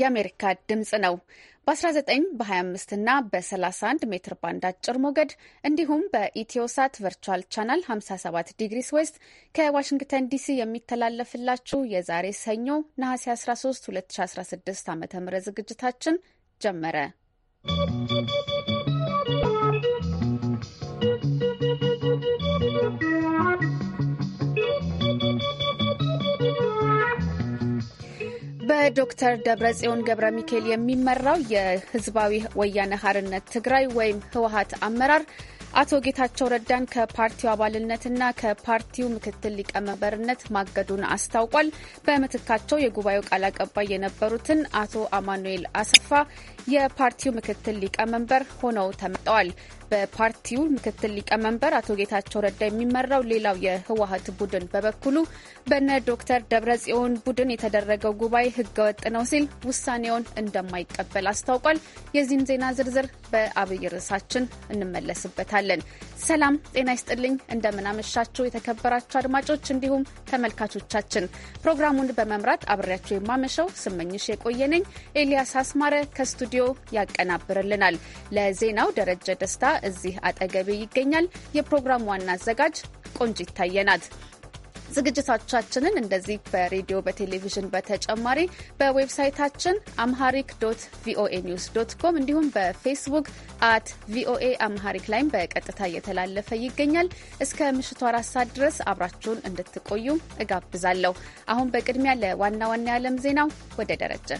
የአሜሪካ ድምፅ ነው። በ19 በ25 እና በ31 ሜትር ባንድ አጭር ሞገድ እንዲሁም በኢትዮሳት ቨርቹዋል ቻናል 57 ዲግሪስ ዌስት ከዋሽንግተን ዲሲ የሚተላለፍላችሁ የዛሬ ሰኞ ነሐሴ 13 2016 ዓ ም ዝግጅታችን ጀመረ። በዶክተር ደብረጽዮን ገብረ ሚካኤል የሚመራው የህዝባዊ ወያነ ሀርነት ትግራይ ወይም ህወሀት አመራር አቶ ጌታቸው ረዳን ከፓርቲው አባልነትና ከፓርቲው ምክትል ሊቀመንበርነት ማገዱን አስታውቋል። በምትካቸው የጉባኤው ቃል አቀባይ የነበሩትን አቶ አማኑኤል አሰፋ የፓርቲው ምክትል ሊቀመንበር ሆነው ተመርጠዋል። በፓርቲው ምክትል ሊቀመንበር አቶ ጌታቸው ረዳ የሚመራው ሌላው የህወሀት ቡድን በበኩሉ በነ ዶክተር ደብረጽዮን ቡድን የተደረገው ጉባኤ ህገወጥ ነው ሲል ውሳኔውን እንደማይቀበል አስታውቋል። የዚህን ዜና ዝርዝር በአብይ ርዕሳችን እንመለስበታለን። ሰላም ጤና ይስጥልኝ። እንደምናመሻችሁ የተከበራችሁ አድማጮች እንዲሁም ተመልካቾቻችን ፕሮግራሙን በመምራት አብሬያቸው የማመሸው ስመኝሽ ነኝ። ኤልያስ አስማረ ከስቱዲዮ ያቀናብርልናል። ለዜናው ደረጀ ደስታ እዚህ አጠገቤ ይገኛል። የፕሮግራም ዋና አዘጋጅ ቆንጅ ይታየናት። ዝግጅቶቻችንን እንደዚህ በሬዲዮ በቴሌቪዥን በተጨማሪ በዌብሳይታችን አምሃሪክ ዶት ቪኦኤ ኒውስ ዶት ኮም እንዲሁም በፌስቡክ አት ቪኦኤ አምሃሪክ ላይም በቀጥታ እየተላለፈ ይገኛል። እስከ ምሽቱ አራት ሰዓት ድረስ አብራችሁን እንድትቆዩ እጋብዛለሁ። አሁን በቅድሚያ ለዋና ዋና የዓለም ዜናው ወደ ደረጀ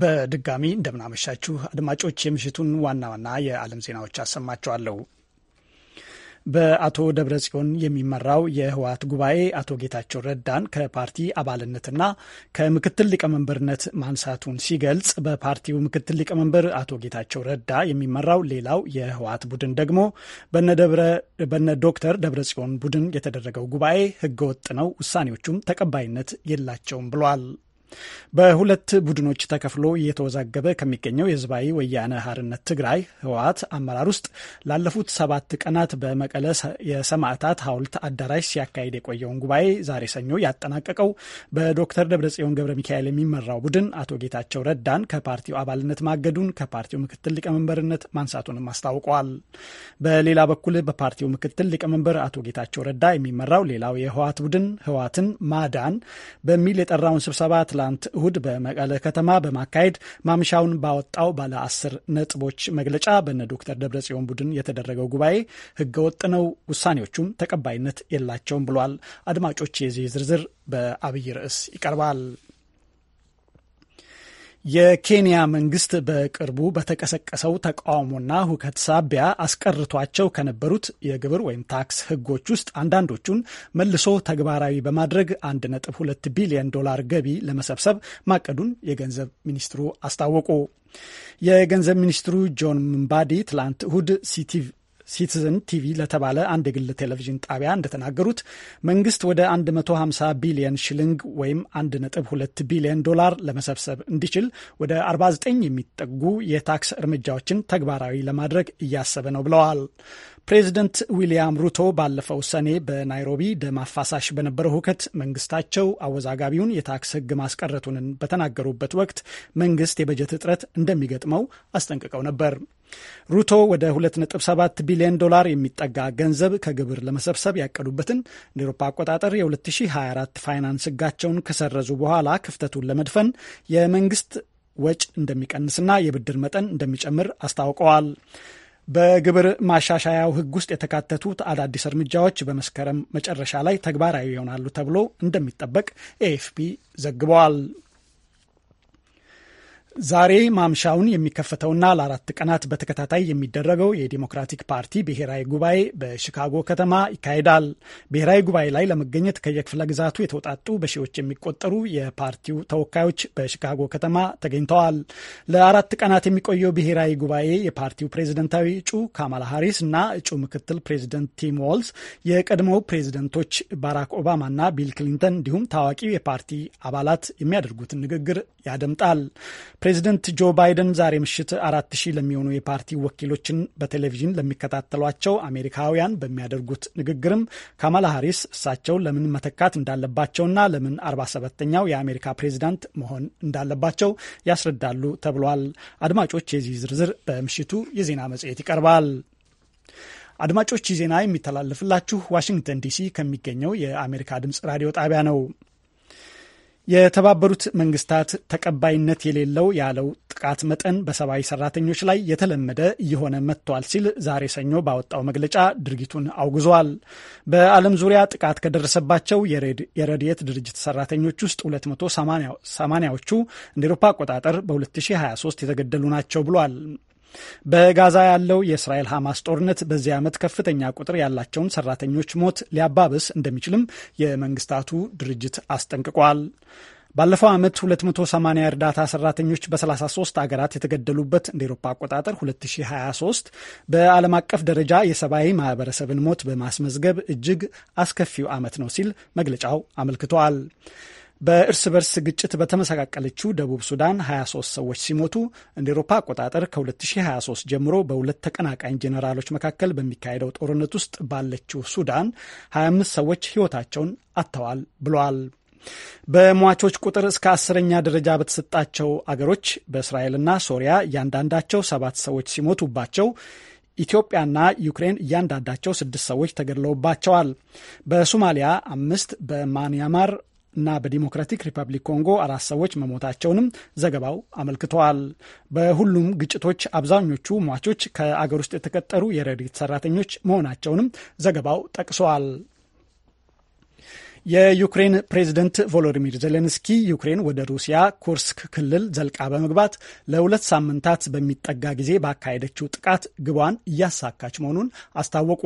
በድጋሚ እንደምናመሻችሁ አድማጮች፣ የምሽቱን ዋና ዋና የዓለም ዜናዎች አሰማችኋለሁ። በአቶ ደብረ ጽዮን የሚመራው የህወሓት ጉባኤ አቶ ጌታቸው ረዳን ከፓርቲ አባልነትና ከምክትል ሊቀመንበርነት ማንሳቱን ሲገልጽ በፓርቲው ምክትል ሊቀመንበር አቶ ጌታቸው ረዳ የሚመራው ሌላው የህወሓት ቡድን ደግሞ በነ ዶክተር ደብረ ጽዮን ቡድን የተደረገው ጉባኤ ህገወጥ ነው፣ ውሳኔዎቹም ተቀባይነት የላቸውም ብሏል። በሁለት ቡድኖች ተከፍሎ እየተወዛገበ ከሚገኘው የህዝባዊ ወያነ ሀርነት ትግራይ ህወሓት አመራር ውስጥ ላለፉት ሰባት ቀናት በመቀለ የሰማዕታት ሐውልት አዳራሽ ሲያካሄድ የቆየውን ጉባኤ ዛሬ ሰኞ ያጠናቀቀው በዶክተር ደብረጽዮን ገብረ ሚካኤል የሚመራው ቡድን አቶ ጌታቸው ረዳን ከፓርቲው አባልነት ማገዱን ከፓርቲው ምክትል ሊቀመንበርነት ማንሳቱንም አስታውቀዋል። በሌላ በኩል በፓርቲው ምክትል ሊቀመንበር አቶ ጌታቸው ረዳ የሚመራው ሌላው የህወሓት ቡድን ህወሓትን ማዳን በሚል የጠራውን ስብሰባ ትላንት እሁድ በመቀለ ከተማ በማካሄድ ማምሻውን ባወጣው ባለ አስር ነጥቦች መግለጫ በነ ዶክተር ደብረጽዮን ቡድን የተደረገው ጉባኤ ህገወጥ ነው፣ ውሳኔዎቹም ተቀባይነት የላቸውም ብሏል። አድማጮች፣ የዚህ ዝርዝር በአብይ ርዕስ ይቀርባል። የኬንያ መንግስት በቅርቡ በተቀሰቀሰው ተቃውሞና ሁከት ሳቢያ አስቀርቷቸው ከነበሩት የግብር ወይም ታክስ ህጎች ውስጥ አንዳንዶቹን መልሶ ተግባራዊ በማድረግ 1.2 ቢሊዮን ዶላር ገቢ ለመሰብሰብ ማቀዱን የገንዘብ ሚኒስትሩ አስታወቁ። የገንዘብ ሚኒስትሩ ጆን ምንባዲ ትላንት እሁድ ሲቲዝን ቲቪ ለተባለ አንድ የግል ቴሌቪዥን ጣቢያ እንደተናገሩት መንግስት ወደ 150 ቢሊዮን ሽልንግ ወይም 1.2 ቢሊዮን ዶላር ለመሰብሰብ እንዲችል ወደ 49 የሚጠጉ የታክስ እርምጃዎችን ተግባራዊ ለማድረግ እያሰበ ነው ብለዋል። ፕሬዚደንት ዊልያም ሩቶ ባለፈው ሰኔ በናይሮቢ ደም አፋሳሽ በነበረው ሁከት መንግስታቸው አወዛጋቢውን የታክስ ህግ ማስቀረቱንን በተናገሩበት ወቅት መንግስት የበጀት እጥረት እንደሚገጥመው አስጠንቅቀው ነበር። ሩቶ ወደ 2.7 ቢሊዮን ዶላር የሚጠጋ ገንዘብ ከግብር ለመሰብሰብ ያቀዱበትን እንደ ኤሮፓ አቆጣጠር የ2024 ፋይናንስ ህጋቸውን ከሰረዙ በኋላ ክፍተቱን ለመድፈን የመንግስት ወጭ እንደሚቀንስና የብድር መጠን እንደሚጨምር አስታውቀዋል። በግብር ማሻሻያው ሕግ ውስጥ የተካተቱት አዳዲስ እርምጃዎች በመስከረም መጨረሻ ላይ ተግባራዊ ይሆናሉ ተብሎ እንደሚጠበቅ ኤኤፍፒ ዘግበዋል። ዛሬ ማምሻውን የሚከፈተውና ለአራት ቀናት በተከታታይ የሚደረገው የዲሞክራቲክ ፓርቲ ብሔራዊ ጉባኤ በሺካጎ ከተማ ይካሄዳል። ብሔራዊ ጉባኤ ላይ ለመገኘት ከየክፍለ ግዛቱ የተውጣጡ በሺዎች የሚቆጠሩ የፓርቲው ተወካዮች በሺካጎ ከተማ ተገኝተዋል። ለአራት ቀናት የሚቆየው ብሔራዊ ጉባኤ የፓርቲው ፕሬዝደንታዊ እጩ ካማላ ሃሪስ እና እጩ ምክትል ፕሬዝደንት ቲም ዋልስ፣ የቀድሞው ፕሬዝደንቶች ባራክ ኦባማና ቢል ክሊንተን እንዲሁም ታዋቂ የፓርቲ አባላት የሚያደርጉትን ንግግር ያደምጣል። ፕሬዚደንት ጆ ባይደን ዛሬ ምሽት አራት ሺህ ለሚሆኑ የፓርቲ ወኪሎችን በቴሌቪዥን ለሚከታተሏቸው አሜሪካውያን በሚያደርጉት ንግግርም ካማላ ሀሪስ እሳቸው ለምን መተካት እንዳለባቸውና ለምን አርባ ተኛው የአሜሪካ ፕሬዚዳንት መሆን እንዳለባቸው ያስረዳሉ ተብሏል። አድማጮች፣ የዚህ ዝርዝር በምሽቱ የዜና መጽሔት ይቀርባል። አድማጮች ይህ ዜና የሚተላለፍላችሁ ዋሽንግተን ዲሲ ከሚገኘው የአሜሪካ ድምፅ ራዲዮ ጣቢያ ነው። የተባበሩት መንግስታት ተቀባይነት የሌለው ያለው ጥቃት መጠን በሰብአዊ ሰራተኞች ላይ የተለመደ እየሆነ መጥቷል ሲል ዛሬ ሰኞ ባወጣው መግለጫ ድርጊቱን አውግዟል። በዓለም ዙሪያ ጥቃት ከደረሰባቸው የረድኤት ድርጅት ሰራተኞች ውስጥ 280ዎቹ እንደ ኤሮፓ አቆጣጠር በ2023 የተገደሉ ናቸው ብሏል። በጋዛ ያለው የእስራኤል ሐማስ ጦርነት በዚህ ዓመት ከፍተኛ ቁጥር ያላቸውን ሰራተኞች ሞት ሊያባብስ እንደሚችልም የመንግስታቱ ድርጅት አስጠንቅቋል። ባለፈው ዓመት 280 እርዳታ ሰራተኞች በ33 አገራት የተገደሉበት እንደ ኤሮፓ አቆጣጠር 2023 በዓለም አቀፍ ደረጃ የሰብአዊ ማህበረሰብን ሞት በማስመዝገብ እጅግ አስከፊው ዓመት ነው ሲል መግለጫው አመልክቷል። በእርስ በርስ ግጭት በተመሰቃቀለችው ደቡብ ሱዳን 23 ሰዎች ሲሞቱ እንደ ኤሮፓ አቆጣጠር ከ2023 ጀምሮ በሁለት ተቀናቃኝ ጄኔራሎች መካከል በሚካሄደው ጦርነት ውስጥ ባለችው ሱዳን 25 ሰዎች ሕይወታቸውን አጥተዋል ብለዋል። በሟቾች ቁጥር እስከ አስረኛ ደረጃ በተሰጣቸው አገሮች በእስራኤልና ሶሪያ እያንዳንዳቸው ሰባት ሰዎች ሲሞቱባቸው ኢትዮጵያና ዩክሬን እያንዳንዳቸው ስድስት ሰዎች ተገድለውባቸዋል። በሶማሊያ አምስት፣ በማንያማር እና በዲሞክራቲክ ሪፐብሊክ ኮንጎ አራት ሰዎች መሞታቸውንም ዘገባው አመልክተዋል። በሁሉም ግጭቶች አብዛኞቹ ሟቾች ከአገር ውስጥ የተቀጠሩ የረድኤት ሰራተኞች መሆናቸውንም ዘገባው ጠቅሰዋል። የዩክሬን ፕሬዝደንት ቮሎዲሚር ዜሌንስኪ ዩክሬን ወደ ሩሲያ ኩርስክ ክልል ዘልቃ በመግባት ለሁለት ሳምንታት በሚጠጋ ጊዜ ባካሄደችው ጥቃት ግቧን እያሳካች መሆኑን አስታወቁ።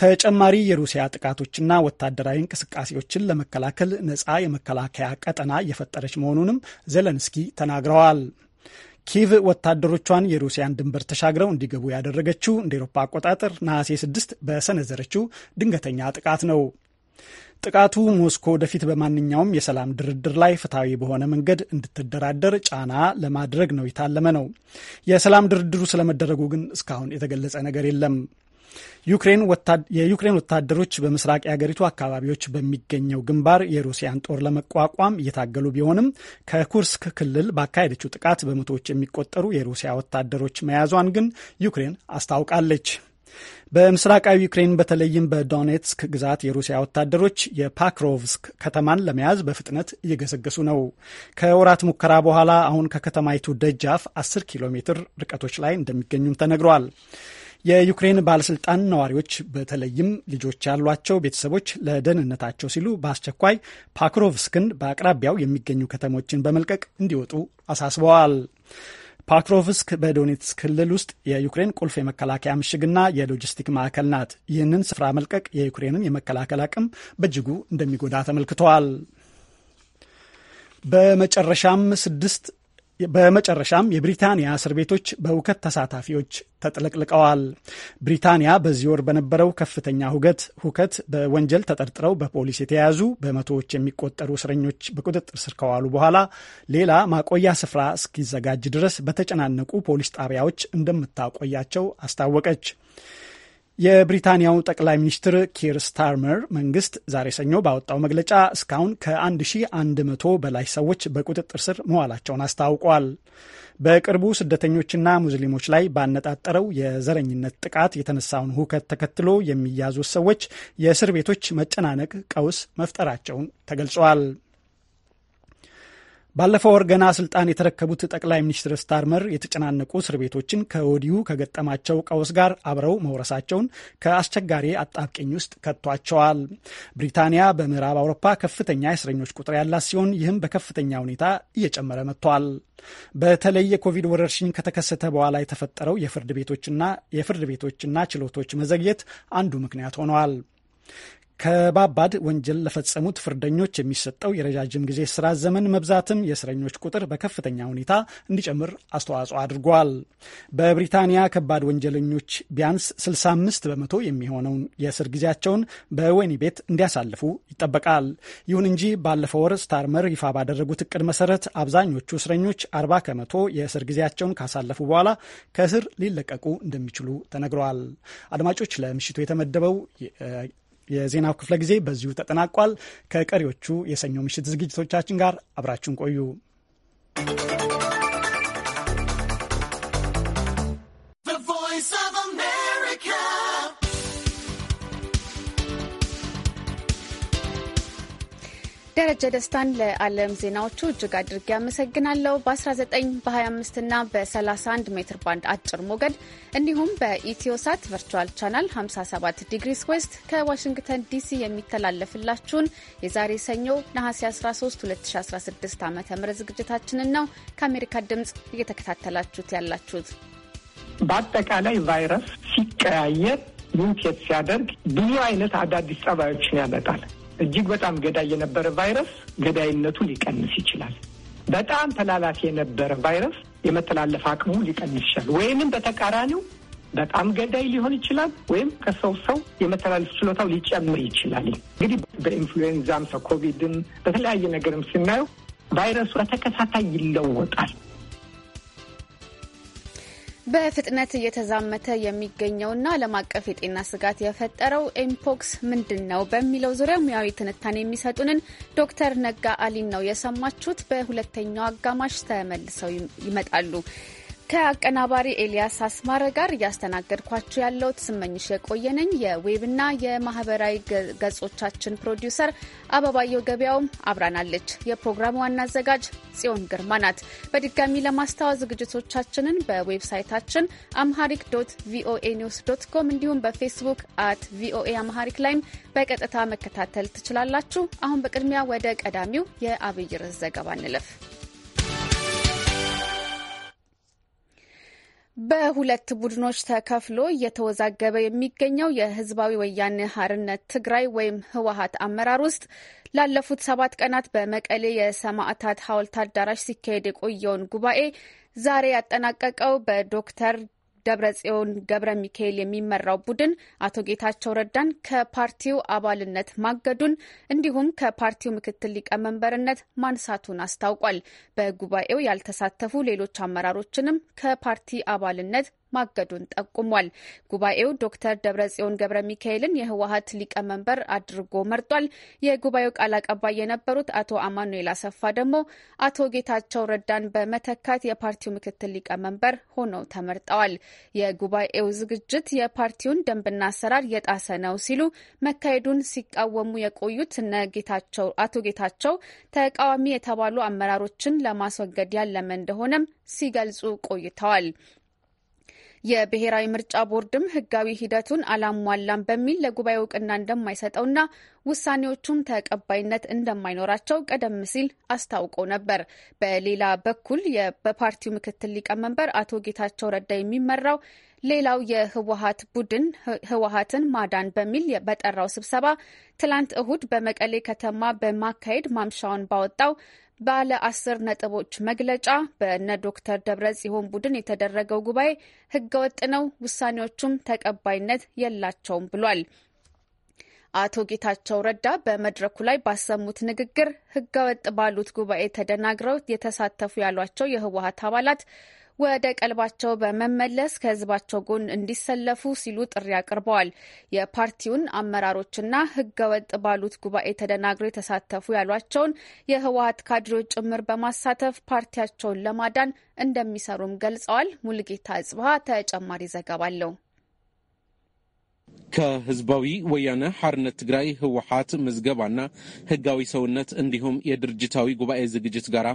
ተጨማሪ የሩሲያ ጥቃቶችና ወታደራዊ እንቅስቃሴዎችን ለመከላከል ነጻ የመከላከያ ቀጠና እየፈጠረች መሆኑንም ዜለንስኪ ተናግረዋል። ኪቭ ወታደሮቿን የሩሲያን ድንበር ተሻግረው እንዲገቡ ያደረገችው እንደ ኤሮፓ አቆጣጠር ነሐሴ 6 በሰነዘረችው ድንገተኛ ጥቃት ነው። ጥቃቱ ሞስኮ ወደፊት በማንኛውም የሰላም ድርድር ላይ ፍትሐዊ በሆነ መንገድ እንድትደራደር ጫና ለማድረግ ነው የታለመ ነው። የሰላም ድርድሩ ስለመደረጉ ግን እስካሁን የተገለጸ ነገር የለም። የዩክሬን ወታደሮች በምስራቅ የአገሪቱ አካባቢዎች በሚገኘው ግንባር የሩሲያን ጦር ለመቋቋም እየታገሉ ቢሆንም ከኩርስክ ክልል ባካሄደችው ጥቃት በመቶዎች የሚቆጠሩ የሩሲያ ወታደሮች መያዟን ግን ዩክሬን አስታውቃለች። በምስራቃዊ ዩክሬን በተለይም በዶኔትስክ ግዛት የሩሲያ ወታደሮች የፓክሮቭስክ ከተማን ለመያዝ በፍጥነት እየገሰገሱ ነው። ከወራት ሙከራ በኋላ አሁን ከከተማይቱ ደጃፍ 10 ኪሎ ሜትር ርቀቶች ላይ እንደሚገኙም ተነግሯል። የዩክሬን ባለስልጣን ነዋሪዎች በተለይም ልጆች ያሏቸው ቤተሰቦች ለደህንነታቸው ሲሉ በአስቸኳይ ፓክሮቭስክን በአቅራቢያው የሚገኙ ከተሞችን በመልቀቅ እንዲወጡ አሳስበዋል። ፓክሮቭስክ በዶኔትስ ክልል ውስጥ የዩክሬን ቁልፍ የመከላከያ ምሽግና የሎጂስቲክ ማዕከል ናት። ይህንን ስፍራ መልቀቅ የዩክሬንን የመከላከል አቅም በእጅጉ እንደሚጎዳ ተመልክተዋል። በመጨረሻም ስድስት በመጨረሻም የብሪታንያ እስር ቤቶች በውከት ተሳታፊዎች ተጥለቅልቀዋል። ብሪታንያ በዚህ ወር በነበረው ከፍተኛ ሁገት ሁከት በወንጀል ተጠርጥረው በፖሊስ የተያዙ በመቶዎች የሚቆጠሩ እስረኞች በቁጥጥር ስር ከዋሉ በኋላ ሌላ ማቆያ ስፍራ እስኪዘጋጅ ድረስ በተጨናነቁ ፖሊስ ጣቢያዎች እንደምታቆያቸው አስታወቀች። የብሪታንያው ጠቅላይ ሚኒስትር ኪር ስታርመር መንግስት ዛሬ ሰኞ ባወጣው መግለጫ እስካሁን ከ1100 በላይ ሰዎች በቁጥጥር ስር መዋላቸውን አስታውቋል። በቅርቡ ስደተኞችና ሙስሊሞች ላይ ባነጣጠረው የዘረኝነት ጥቃት የተነሳውን ሁከት ተከትሎ የሚያዙት ሰዎች የእስር ቤቶች መጨናነቅ ቀውስ መፍጠራቸውን ተገልጿል። ባለፈው ወር ገና ስልጣን የተረከቡት ጠቅላይ ሚኒስትር ስታርመር የተጨናነቁ እስር ቤቶችን ከወዲሁ ከገጠማቸው ቀውስ ጋር አብረው መውረሳቸውን ከአስቸጋሪ አጣብቂኝ ውስጥ ከቷቸዋል። ብሪታንያ በምዕራብ አውሮፓ ከፍተኛ የእስረኞች ቁጥር ያላት ሲሆን ይህም በከፍተኛ ሁኔታ እየጨመረ መጥቷል። በተለይ የኮቪድ ወረርሽኝ ከተከሰተ በኋላ የተፈጠረው የፍርድ ቤቶችና የፍርድ ቤቶችና ችሎቶች መዘግየት አንዱ ምክንያት ሆነዋል። ከባባድ ወንጀል ለፈጸሙት ፍርደኞች የሚሰጠው የረጃጅም ጊዜ ስራ ዘመን መብዛትም የእስረኞች ቁጥር በከፍተኛ ሁኔታ እንዲጨምር አስተዋጽኦ አድርጓል። በብሪታንያ ከባድ ወንጀለኞች ቢያንስ 65 በመቶ የሚሆነውን የእስር ጊዜያቸውን በወህኒ ቤት እንዲያሳልፉ ይጠበቃል። ይሁን እንጂ ባለፈው ወር ስታርመር ይፋ ባደረጉት እቅድ መሰረት አብዛኞቹ እስረኞች 40 ከመቶ የእስር ጊዜያቸውን ካሳለፉ በኋላ ከእስር ሊለቀቁ እንደሚችሉ ተነግረዋል። አድማጮች፣ ለምሽቱ የተመደበው የዜናው ክፍለ ጊዜ በዚሁ ተጠናቋል። ከቀሪዎቹ የሰኞ ምሽት ዝግጅቶቻችን ጋር አብራችሁን ቆዩ። ደረጀ ደስታን ለዓለም ዜናዎቹ እጅግ አድርጌ አመሰግናለሁ። በ19 በ25 እና በ31 ሜትር ባንድ አጭር ሞገድ እንዲሁም በኢትዮሳት ቨርቹዋል ቻናል 57 ዲግሪስ ዌስት ከዋሽንግተን ዲሲ የሚተላለፍላችሁን የዛሬ ሰኞ ነሐሴ 13 2016 ዓ ም ዝግጅታችንን ነው ከአሜሪካ ድምፅ እየተከታተላችሁት ያላችሁት። በአጠቃላይ ቫይረስ ሲቀያየር ሙቴት ሲያደርግ ብዙ አይነት አዳዲስ ጸባዮችን ያመጣል። እጅግ በጣም ገዳይ የነበረ ቫይረስ ገዳይነቱ ሊቀንስ ይችላል። በጣም ተላላፊ የነበረ ቫይረስ የመተላለፍ አቅሙ ሊቀንስ ይችላል። ወይንም በተቃራኒው በጣም ገዳይ ሊሆን ይችላል፣ ወይም ከሰው ሰው የመተላለፍ ችሎታው ሊጨምር ይችላል። እንግዲህ በኢንፍሉዌንዛም በኮቪድም በተለያየ ነገርም ስናየው ቫይረሱ በተከታታይ ይለወጣል። በፍጥነት እየተዛመተ የሚገኘውና ዓለም አቀፍ የጤና ስጋት የፈጠረው ኤምፖክስ ምንድን ነው በሚለው ዙሪያ ሙያዊ ትንታኔ የሚሰጡንን ዶክተር ነጋ አሊን ነው የሰማችሁት። በሁለተኛው አጋማሽ ተመልሰው ይመጣሉ። ከአቀናባሪ ኤልያስ አስማረ ጋር እያስተናገድኳችሁ ያለው ስመኝሽ የቆየነኝ የዌብና የማህበራዊ ገጾቻችን ፕሮዲውሰር አበባየው ገበያውም አብራናለች። የፕሮግራሙ ዋና አዘጋጅ ጽዮን ግርማ ናት። በድጋሚ ለማስታወስ ዝግጅቶቻችንን በዌብሳይታችን አምሃሪክ ዶት ቪኦኤ ኒውስ ዶት ኮም እንዲሁም በፌስቡክ አት ቪኦኤ አምሃሪክ ላይም በቀጥታ መከታተል ትችላላችሁ። አሁን በቅድሚያ ወደ ቀዳሚው የአብይ ርዕስ ዘገባ እንለፍ። በሁለት ቡድኖች ተከፍሎ እየተወዛገበ የሚገኘው የህዝባዊ ወያኔ ሀርነት ትግራይ ወይም ህወሀት አመራር ውስጥ ላለፉት ሰባት ቀናት በመቀሌ የሰማዕታት ሐውልት አዳራሽ ሲካሄድ የቆየውን ጉባኤ ዛሬ ያጠናቀቀው በዶክተር ደብረጽዮን ገብረ ሚካኤል የሚመራው ቡድን አቶ ጌታቸው ረዳን ከፓርቲው አባልነት ማገዱን እንዲሁም ከፓርቲው ምክትል ሊቀመንበርነት ማንሳቱን አስታውቋል። በጉባኤው ያልተሳተፉ ሌሎች አመራሮችንም ከፓርቲ አባልነት ማገዱን ጠቁሟል። ጉባኤው ዶክተር ደብረጽዮን ገብረ ሚካኤልን የህወሀት ሊቀመንበር አድርጎ መርጧል። የጉባኤው ቃል አቀባይ የነበሩት አቶ አማኑኤል አሰፋ ደግሞ አቶ ጌታቸው ረዳን በመተካት የፓርቲው ምክትል ሊቀመንበር ሆነው ተመርጠዋል። የጉባኤው ዝግጅት የፓርቲውን ደንብና አሰራር የጣሰ ነው ሲሉ መካሄዱን ሲቃወሙ የቆዩት እነ ጌታቸው አቶ ጌታቸው ተቃዋሚ የተባሉ አመራሮችን ለማስወገድ ያለመ እንደሆነም ሲገልጹ ቆይተዋል። የብሔራዊ ምርጫ ቦርድም ህጋዊ ሂደቱን አላሟላም በሚል ለጉባኤ እውቅና እንደማይሰጠውና ውሳኔዎቹም ተቀባይነት እንደማይኖራቸው ቀደም ሲል አስታውቆ ነበር። በሌላ በኩል በፓርቲው ምክትል ሊቀመንበር አቶ ጌታቸው ረዳ የሚመራው ሌላው የህወሀት ቡድን ህወሀትን ማዳን በሚል በጠራው ስብሰባ ትላንት እሁድ በመቀሌ ከተማ በማካሄድ ማምሻውን ባወጣው ባለ አስር ነጥቦች መግለጫ በእነ ዶክተር ደብረጽዮን ቡድን የተደረገው ጉባኤ ህገወጥ ነው፣ ውሳኔዎቹም ተቀባይነት የላቸውም ብሏል። አቶ ጌታቸው ረዳ በመድረኩ ላይ ባሰሙት ንግግር ህገወጥ ባሉት ጉባኤ ተደናግረው የተሳተፉ ያሏቸው የህወሀት አባላት ወደ ቀልባቸው በመመለስ ከህዝባቸው ጎን እንዲሰለፉ ሲሉ ጥሪ አቅርበዋል። የፓርቲውን አመራሮችና ህገወጥ ባሉት ጉባኤ ተደናግረው የተሳተፉ ያሏቸውን የህወሀት ካድሬዎች ጭምር በማሳተፍ ፓርቲያቸውን ለማዳን እንደሚሰሩም ገልጸዋል። ሙልጌታ አጽብሃ ተጨማሪ ዘገባ አለው። ከህዝባዊ ወያነ ሐርነት ትግራይ ህወሓት ምዝገባና ህጋዊ ሰውነት እንዲሁም የድርጅታዊ ጉባኤ ዝግጅት ጋር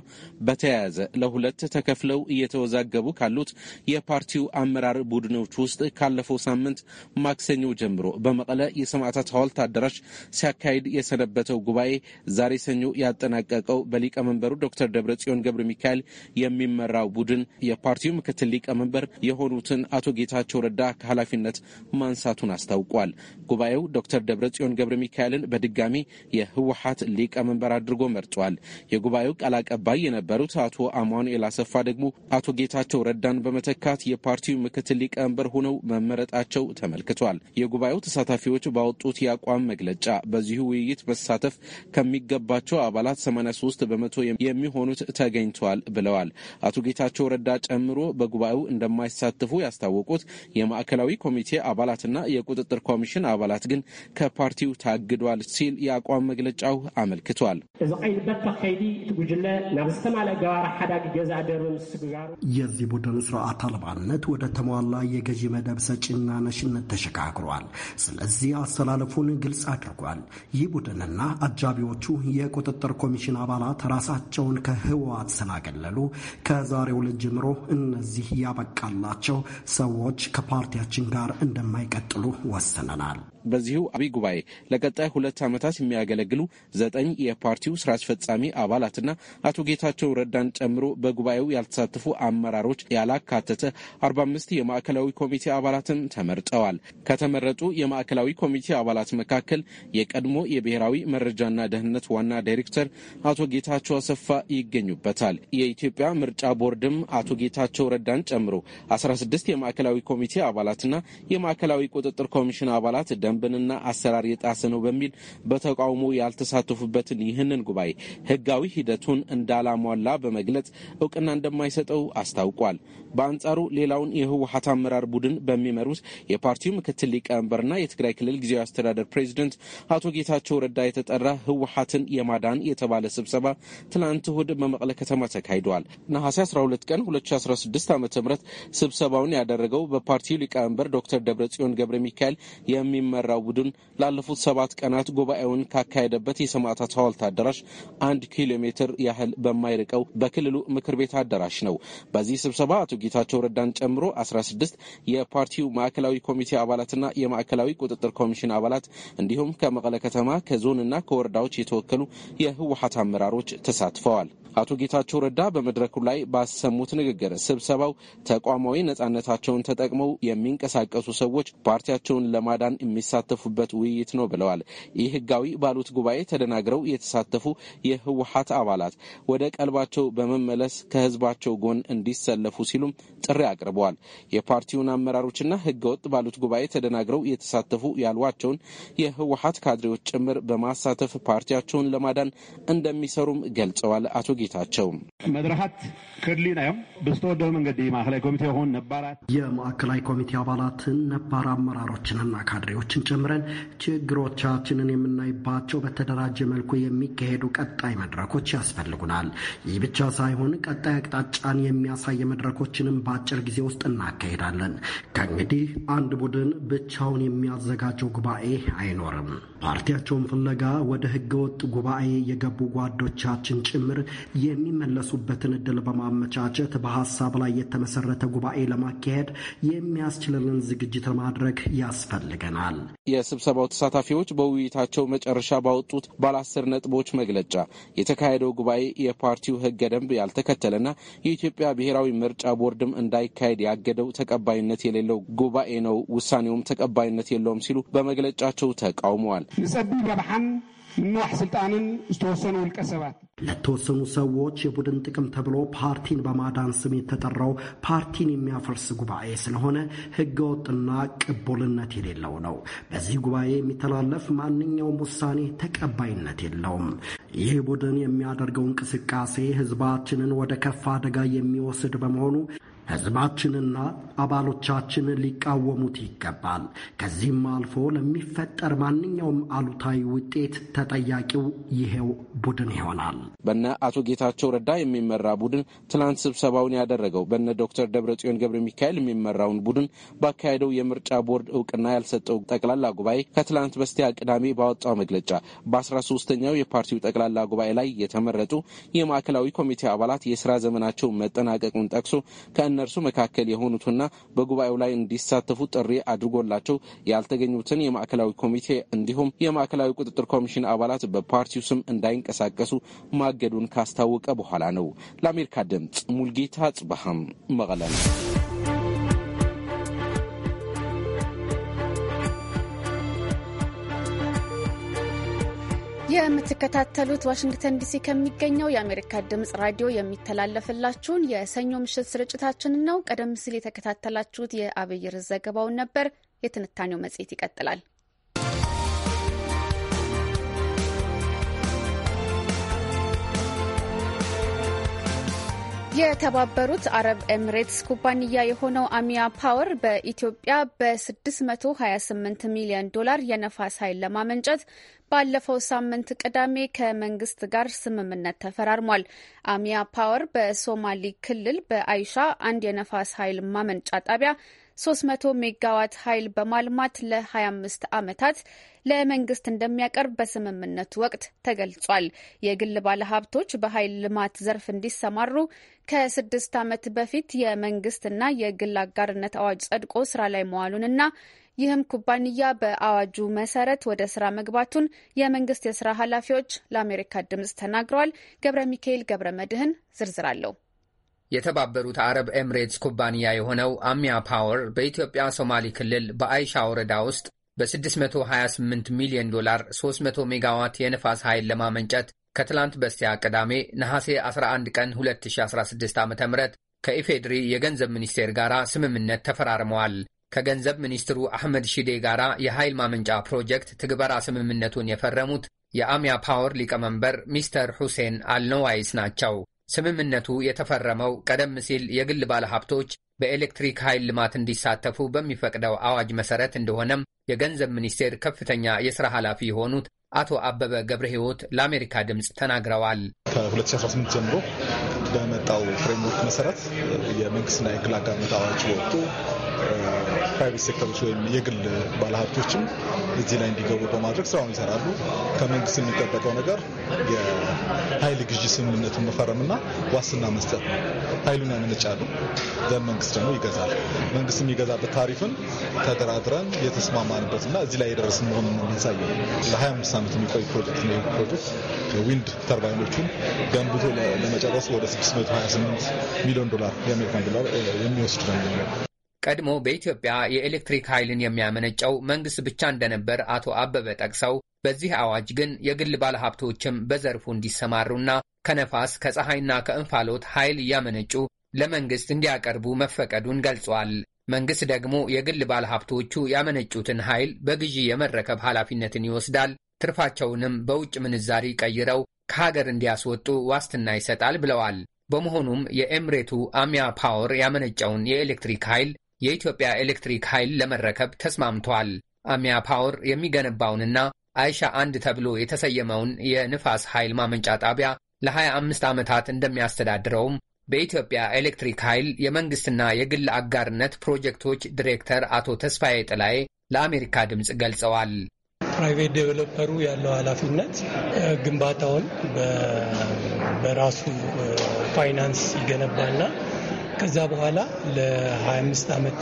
በተያያዘ ለሁለት ተከፍለው እየተወዛገቡ ካሉት የፓርቲው አመራር ቡድኖች ውስጥ ካለፈው ሳምንት ማክሰኞ ጀምሮ በመቀለ የሰማዕታት ሐውልት አዳራሽ ሲያካሂድ የሰነበተው ጉባኤ ዛሬ ሰኞ ያጠናቀቀው በሊቀመንበሩ ዶክተር ደብረ ጽዮን ገብረ ሚካኤል የሚመራው ቡድን የፓርቲው ምክትል ሊቀመንበር የሆኑትን አቶ ጌታቸው ረዳ ከኃላፊነት ማንሳቱን አስታውቋል። አስታውቋል። ጉባኤው ዶክተር ደብረጽዮን ገብረ ሚካኤልን በድጋሚ የህወሀት ሊቀመንበር አድርጎ መርጧል። የጉባኤው ቃል አቀባይ የነበሩት አቶ አማኑኤል አሰፋ ደግሞ አቶ ጌታቸው ረዳን በመተካት የፓርቲው ምክትል ሊቀመንበር ሆነው መመረጣቸው ተመልክቷል። የጉባኤው ተሳታፊዎች ባወጡት የአቋም መግለጫ በዚሁ ውይይት መሳተፍ ከሚገባቸው አባላት 83 በመቶ የሚሆኑት ተገኝተዋል ብለዋል። አቶ ጌታቸው ረዳ ጨምሮ በጉባኤው እንደማይሳተፉ ያስታወቁት የማዕከላዊ ኮሚቴ አባላትና የቁጥጥር ቁጥጥር ኮሚሽን አባላት ግን ከፓርቲው ታግዷል ሲል የአቋም መግለጫው አመልክቷል። የዚህ ቡድን ስርዓት አልባነት ወደ ተሟላ የገዢ መደብ ሰጪና ነሽነት ተሸጋግሯል። ስለዚህ አሰላለፉን ግልጽ አድርጓል። ይህ ቡድንና አጃቢዎቹ የቁጥጥር ኮሚሽን አባላት ራሳቸውን ከህወሓት ስላገለሉ ከዛሬው ልጅ ጀምሮ እነዚህ ያበቃላቸው ሰዎች ከፓርቲያችን ጋር እንደማይቀጥሉ ወ ያሰናናል። በዚሁ አብይ ጉባኤ ለቀጣይ ሁለት ዓመታት የሚያገለግሉ ዘጠኝ የፓርቲው ስራ አስፈጻሚ አባላትና አቶ ጌታቸው ረዳን ጨምሮ በጉባኤው ያልተሳተፉ አመራሮች ያላካተተ አርባ አምስት የማዕከላዊ ኮሚቴ አባላትም ተመርጠዋል። ከተመረጡ የማዕከላዊ ኮሚቴ አባላት መካከል የቀድሞ የብሔራዊ መረጃና ደህንነት ዋና ዳይሬክተር አቶ ጌታቸው አሰፋ ይገኙበታል። የኢትዮጵያ ምርጫ ቦርድም አቶ ጌታቸው ረዳን ጨምሮ አስራ ስድስት የማዕከላዊ ኮሚቴ አባላትና የማዕከላዊ ቁጥጥር ኮሚሽን አባላት ደ ደንብንና አሰራር የጣሰ ነው በሚል በተቃውሞ ያልተሳተፉበትን ይህንን ጉባኤ ህጋዊ ሂደቱን እንዳላሟላ በመግለጽ እውቅና እንደማይሰጠው አስታውቋል። በአንጻሩ ሌላውን የህወሀት አመራር ቡድን በሚመሩት የፓርቲው ምክትል ሊቀመንበርና የትግራይ ክልል ጊዜያዊ አስተዳደር ፕሬዚደንት አቶ ጌታቸው ረዳ የተጠራ ህወሀትን የማዳን የተባለ ስብሰባ ትናንት እሁድ በመቀለ ከተማ ተካሂደዋል። ነሐሴ 12 ቀን 2016 ዓ ም ስብሰባውን ያደረገው በፓርቲው ሊቀመንበር ዶክተር ደብረጽዮን ገብረ ሚካኤል የሚመራ የሚመራው ቡድን ላለፉት ሰባት ቀናት ጉባኤውን ካካሄደበት የሰማዕታት ሐውልት አዳራሽ አንድ ኪሎ ሜትር ያህል በማይርቀው በክልሉ ምክር ቤት አዳራሽ ነው። በዚህ ስብሰባ አቶ ጌታቸው ረዳን ጨምሮ 16 የፓርቲው ማዕከላዊ ኮሚቴ አባላትና የማዕከላዊ ቁጥጥር ኮሚሽን አባላት እንዲሁም ከመቀለ ከተማ ከዞንና ከወረዳዎች የተወከሉ የህወሀት አመራሮች ተሳትፈዋል። አቶ ጌታቸው ረዳ በመድረኩ ላይ ባሰሙት ንግግር ስብሰባው ተቋማዊ ነጻነታቸውን ተጠቅመው የሚንቀሳቀሱ ሰዎች ፓርቲያቸውን ለማዳን የሚሳ የተሳተፉበት ውይይት ነው ብለዋል። ይህ ህጋዊ ባሉት ጉባኤ ተደናግረው የተሳተፉ የህወሀት አባላት ወደ ቀልባቸው በመመለስ ከህዝባቸው ጎን እንዲሰለፉ ሲሉም ጥሪ አቅርበዋል። የፓርቲውን አመራሮችና ህገወጥ ባሉት ጉባኤ ተደናግረው የተሳተፉ ያሏቸውን የህወሀት ካድሬዎች ጭምር በማሳተፍ ፓርቲያቸውን ለማዳን እንደሚሰሩም ገልጸዋል። አቶ ጌታቸው መድረሀት ክድሊ ዮም ብዝተወደበ መንገዲ ማዕከላዊ ኮሚቴ ሆን ነባራት የማዕከላዊ ኮሚቴ አባላትን ነባር አመራሮችንና ካድሬዎች ሀሳቦችን ጨምረን ችግሮቻችንን የምናይባቸው በተደራጀ መልኩ የሚካሄዱ ቀጣይ መድረኮች ያስፈልጉናል። ይህ ብቻ ሳይሆን ቀጣይ አቅጣጫን የሚያሳይ መድረኮችንም በአጭር ጊዜ ውስጥ እናካሄዳለን። ከእንግዲህ አንድ ቡድን ብቻውን የሚያዘጋጀው ጉባኤ አይኖርም። ፓርቲያቸውን ፍለጋ ወደ ህገወጥ ጉባኤ የገቡ ጓዶቻችን ጭምር የሚመለሱበትን እድል በማመቻቸት በሀሳብ ላይ የተመሰረተ ጉባኤ ለማካሄድ የሚያስችለንን ዝግጅት ለማድረግ ያስፈልገናል። የስብሰባው ተሳታፊዎች በውይይታቸው መጨረሻ ባወጡት ባለ አስር ነጥቦች መግለጫ የተካሄደው ጉባኤ የፓርቲው ህገ ደንብ ያልተከተለና የኢትዮጵያ ብሔራዊ ምርጫ ቦርድም እንዳይካሄድ ያገደው ተቀባይነት የሌለው ጉባኤ ነው፣ ውሳኔውም ተቀባይነት የለውም ሲሉ በመግለጫቸው ተቃውመዋል። ምንዋሕ ስልጣንን ዝተወሰኑ ውልቀ ሰባት ለተወሰኑ ሰዎች የቡድን ጥቅም ተብሎ ፓርቲን በማዳን ስም የተጠራው ፓርቲን የሚያፈርስ ጉባኤ ስለሆነ ህገወጥና ቅቡልነት የሌለው ነው። በዚህ ጉባኤ የሚተላለፍ ማንኛውም ውሳኔ ተቀባይነት የለውም። ይህ ቡድን የሚያደርገው እንቅስቃሴ ህዝባችንን ወደ ከፍ አደጋ የሚወስድ በመሆኑ ሕዝባችንና አባሎቻችን ሊቃወሙት ይገባል። ከዚህም አልፎ ለሚፈጠር ማንኛውም አሉታዊ ውጤት ተጠያቂው ይሄው ቡድን ይሆናል። በነ አቶ ጌታቸው ረዳ የሚመራ ቡድን ትናንት ስብሰባውን ያደረገው በነ ዶክተር ደብረጽዮን ገብረ ሚካኤል የሚመራውን ቡድን ባካሄደው የምርጫ ቦርድ እውቅና ያልሰጠው ጠቅላላ ጉባኤ ከትላንት በስቲያ ቅዳሜ ባወጣው መግለጫ በአስራ ሶስተኛው የፓርቲው ጠቅላላ ጉባኤ ላይ የተመረጡ የማዕከላዊ ኮሚቴ አባላት የስራ ዘመናቸው መጠናቀቁን ጠቅሶ ከእነ ከእነርሱ መካከል የሆኑትና በጉባኤው ላይ እንዲሳተፉ ጥሪ አድርጎላቸው ያልተገኙትን የማዕከላዊ ኮሚቴ እንዲሁም የማዕከላዊ ቁጥጥር ኮሚሽን አባላት በፓርቲው ስም እንዳይንቀሳቀሱ ማገዱን ካስታወቀ በኋላ ነው። ለአሜሪካ ድምፅ ሙልጌታ ጽባሃም መቀለ ነው። የምትከታተሉት ዋሽንግተን ዲሲ ከሚገኘው የአሜሪካ ድምጽ ራዲዮ የሚተላለፍላችሁን የሰኞ ምሽት ስርጭታችንን ነው። ቀደም ሲል የተከታተላችሁት የአብይር ዘገባውን ነበር። የትንታኔው መጽሔት ይቀጥላል። የተባበሩት አረብ ኤምሬትስ ኩባንያ የሆነው አሚያ ፓወር በኢትዮጵያ በ628 ሚሊዮን ዶላር የነፋስ ኃይል ለማመንጨት ባለፈው ሳምንት ቅዳሜ ከመንግስት ጋር ስምምነት ተፈራርሟል። አሚያ ፓወር በሶማሊ ክልል በአይሻ አንድ የነፋስ ኃይል ማመንጫ ጣቢያ 300 ሜጋዋት ኃይል በማልማት ለ25 ዓመታት ለመንግስት እንደሚያቀርብ በስምምነቱ ወቅት ተገልጿል። የግል ባለሀብቶች በኃይል ልማት ዘርፍ እንዲሰማሩ ከስድስት ዓመት በፊት የመንግስትና የግል አጋርነት አዋጅ ጸድቆ ስራ ላይ መዋሉንና ይህም ኩባንያ በአዋጁ መሰረት ወደ ስራ መግባቱን የመንግስት የስራ ኃላፊዎች ለአሜሪካ ድምፅ ተናግረዋል። ገብረ ሚካኤል ገብረ መድህን ዝርዝር አለው። የተባበሩት አረብ ኤምሬትስ ኩባንያ የሆነው አሚያ ፓወር በኢትዮጵያ ሶማሌ ክልል በአይሻ ወረዳ ውስጥ በ628 ሚሊዮን ዶላር 300 ሜጋዋት የንፋስ ኃይል ለማመንጨት ከትላንት በስቲያ ቅዳሜ ነሐሴ 11 ቀን 2016 ዓ ም ከኢፌድሪ የገንዘብ ሚኒስቴር ጋር ስምምነት ተፈራርመዋል። ከገንዘብ ሚኒስትሩ አሕመድ ሺዴ ጋር የኃይል ማመንጫ ፕሮጀክት ትግበራ ስምምነቱን የፈረሙት የአሚያ ፓወር ሊቀመንበር ሚስተር ሁሴን አልነዋይስ ናቸው። ስምምነቱ የተፈረመው ቀደም ሲል የግል ባለሀብቶች በኤሌክትሪክ ኃይል ልማት እንዲሳተፉ በሚፈቅደው አዋጅ መሰረት እንደሆነም የገንዘብ ሚኒስቴር ከፍተኛ የሥራ ኃላፊ የሆኑት አቶ አበበ ገብረ ሕይወት ለአሜሪካ ድምፅ ተናግረዋል። ከ2018 ጀምሮ በመጣው ፍሬምወርክ መሰረት የመንግስትና የግል አጋርነት አዋጅ ፕራይቬት ሴክተሮች ወይም የግል ባለሀብቶችም እዚህ ላይ እንዲገቡ በማድረግ ስራውን ይሰራሉ። ከመንግስት የሚጠበቀው ነገር የኃይል ግዢ ስምምነቱን መፈረምና ዋስትና መስጠት ነው። ኃይሉን ያመነጫሉ፣ ዘን መንግስት ደግሞ ይገዛል። መንግስት የሚገዛበት ታሪፍን ተደራድረን የተስማማንበትና እዚህ ላይ የደረስን መሆኑን ነው የሚያሳየው። ለ25 ዓመት የሚቆይ ፕሮጀክት ነው። ፕሮጀክት ዊንድ ተርባይኖቹን ገንብቶ ለመጨረስ ወደ 628 ሚሊዮን ዶላር የአሜሪካን ዶላር የሚወስድ ነው። ቀድሞ በኢትዮጵያ የኤሌክትሪክ ኃይልን የሚያመነጨው መንግሥት ብቻ እንደነበር አቶ አበበ ጠቅሰው በዚህ አዋጅ ግን የግል ባለሀብቶችም በዘርፉ እንዲሰማሩና ከነፋስ ከፀሐይና ከእንፋሎት ኃይል እያመነጩ ለመንግሥት እንዲያቀርቡ መፈቀዱን ገልጿል። መንግሥት ደግሞ የግል ባለሀብቶቹ ያመነጩትን ኃይል በግዢ የመረከብ ኃላፊነትን ይወስዳል፣ ትርፋቸውንም በውጭ ምንዛሪ ቀይረው ከሀገር እንዲያስወጡ ዋስትና ይሰጣል ብለዋል። በመሆኑም የኤምሬቱ አሚያ ፓወር ያመነጨውን የኤሌክትሪክ ኃይል የኢትዮጵያ ኤሌክትሪክ ኃይል ለመረከብ ተስማምቷል። አሚያ ፓወር የሚገነባውንና አይሻ አንድ ተብሎ የተሰየመውን የንፋስ ኃይል ማመንጫ ጣቢያ ለ25 ዓመታት እንደሚያስተዳድረውም በኢትዮጵያ ኤሌክትሪክ ኃይል የመንግሥትና የግል አጋርነት ፕሮጀክቶች ዲሬክተር አቶ ተስፋዬ ጥላዬ ለአሜሪካ ድምፅ ገልጸዋል። ፕራይቬት ዴቨሎፐሩ ያለው ኃላፊነት ግንባታውን በራሱ ፋይናንስ ይገነባና ከዛ በኋላ ለ25 ዓመት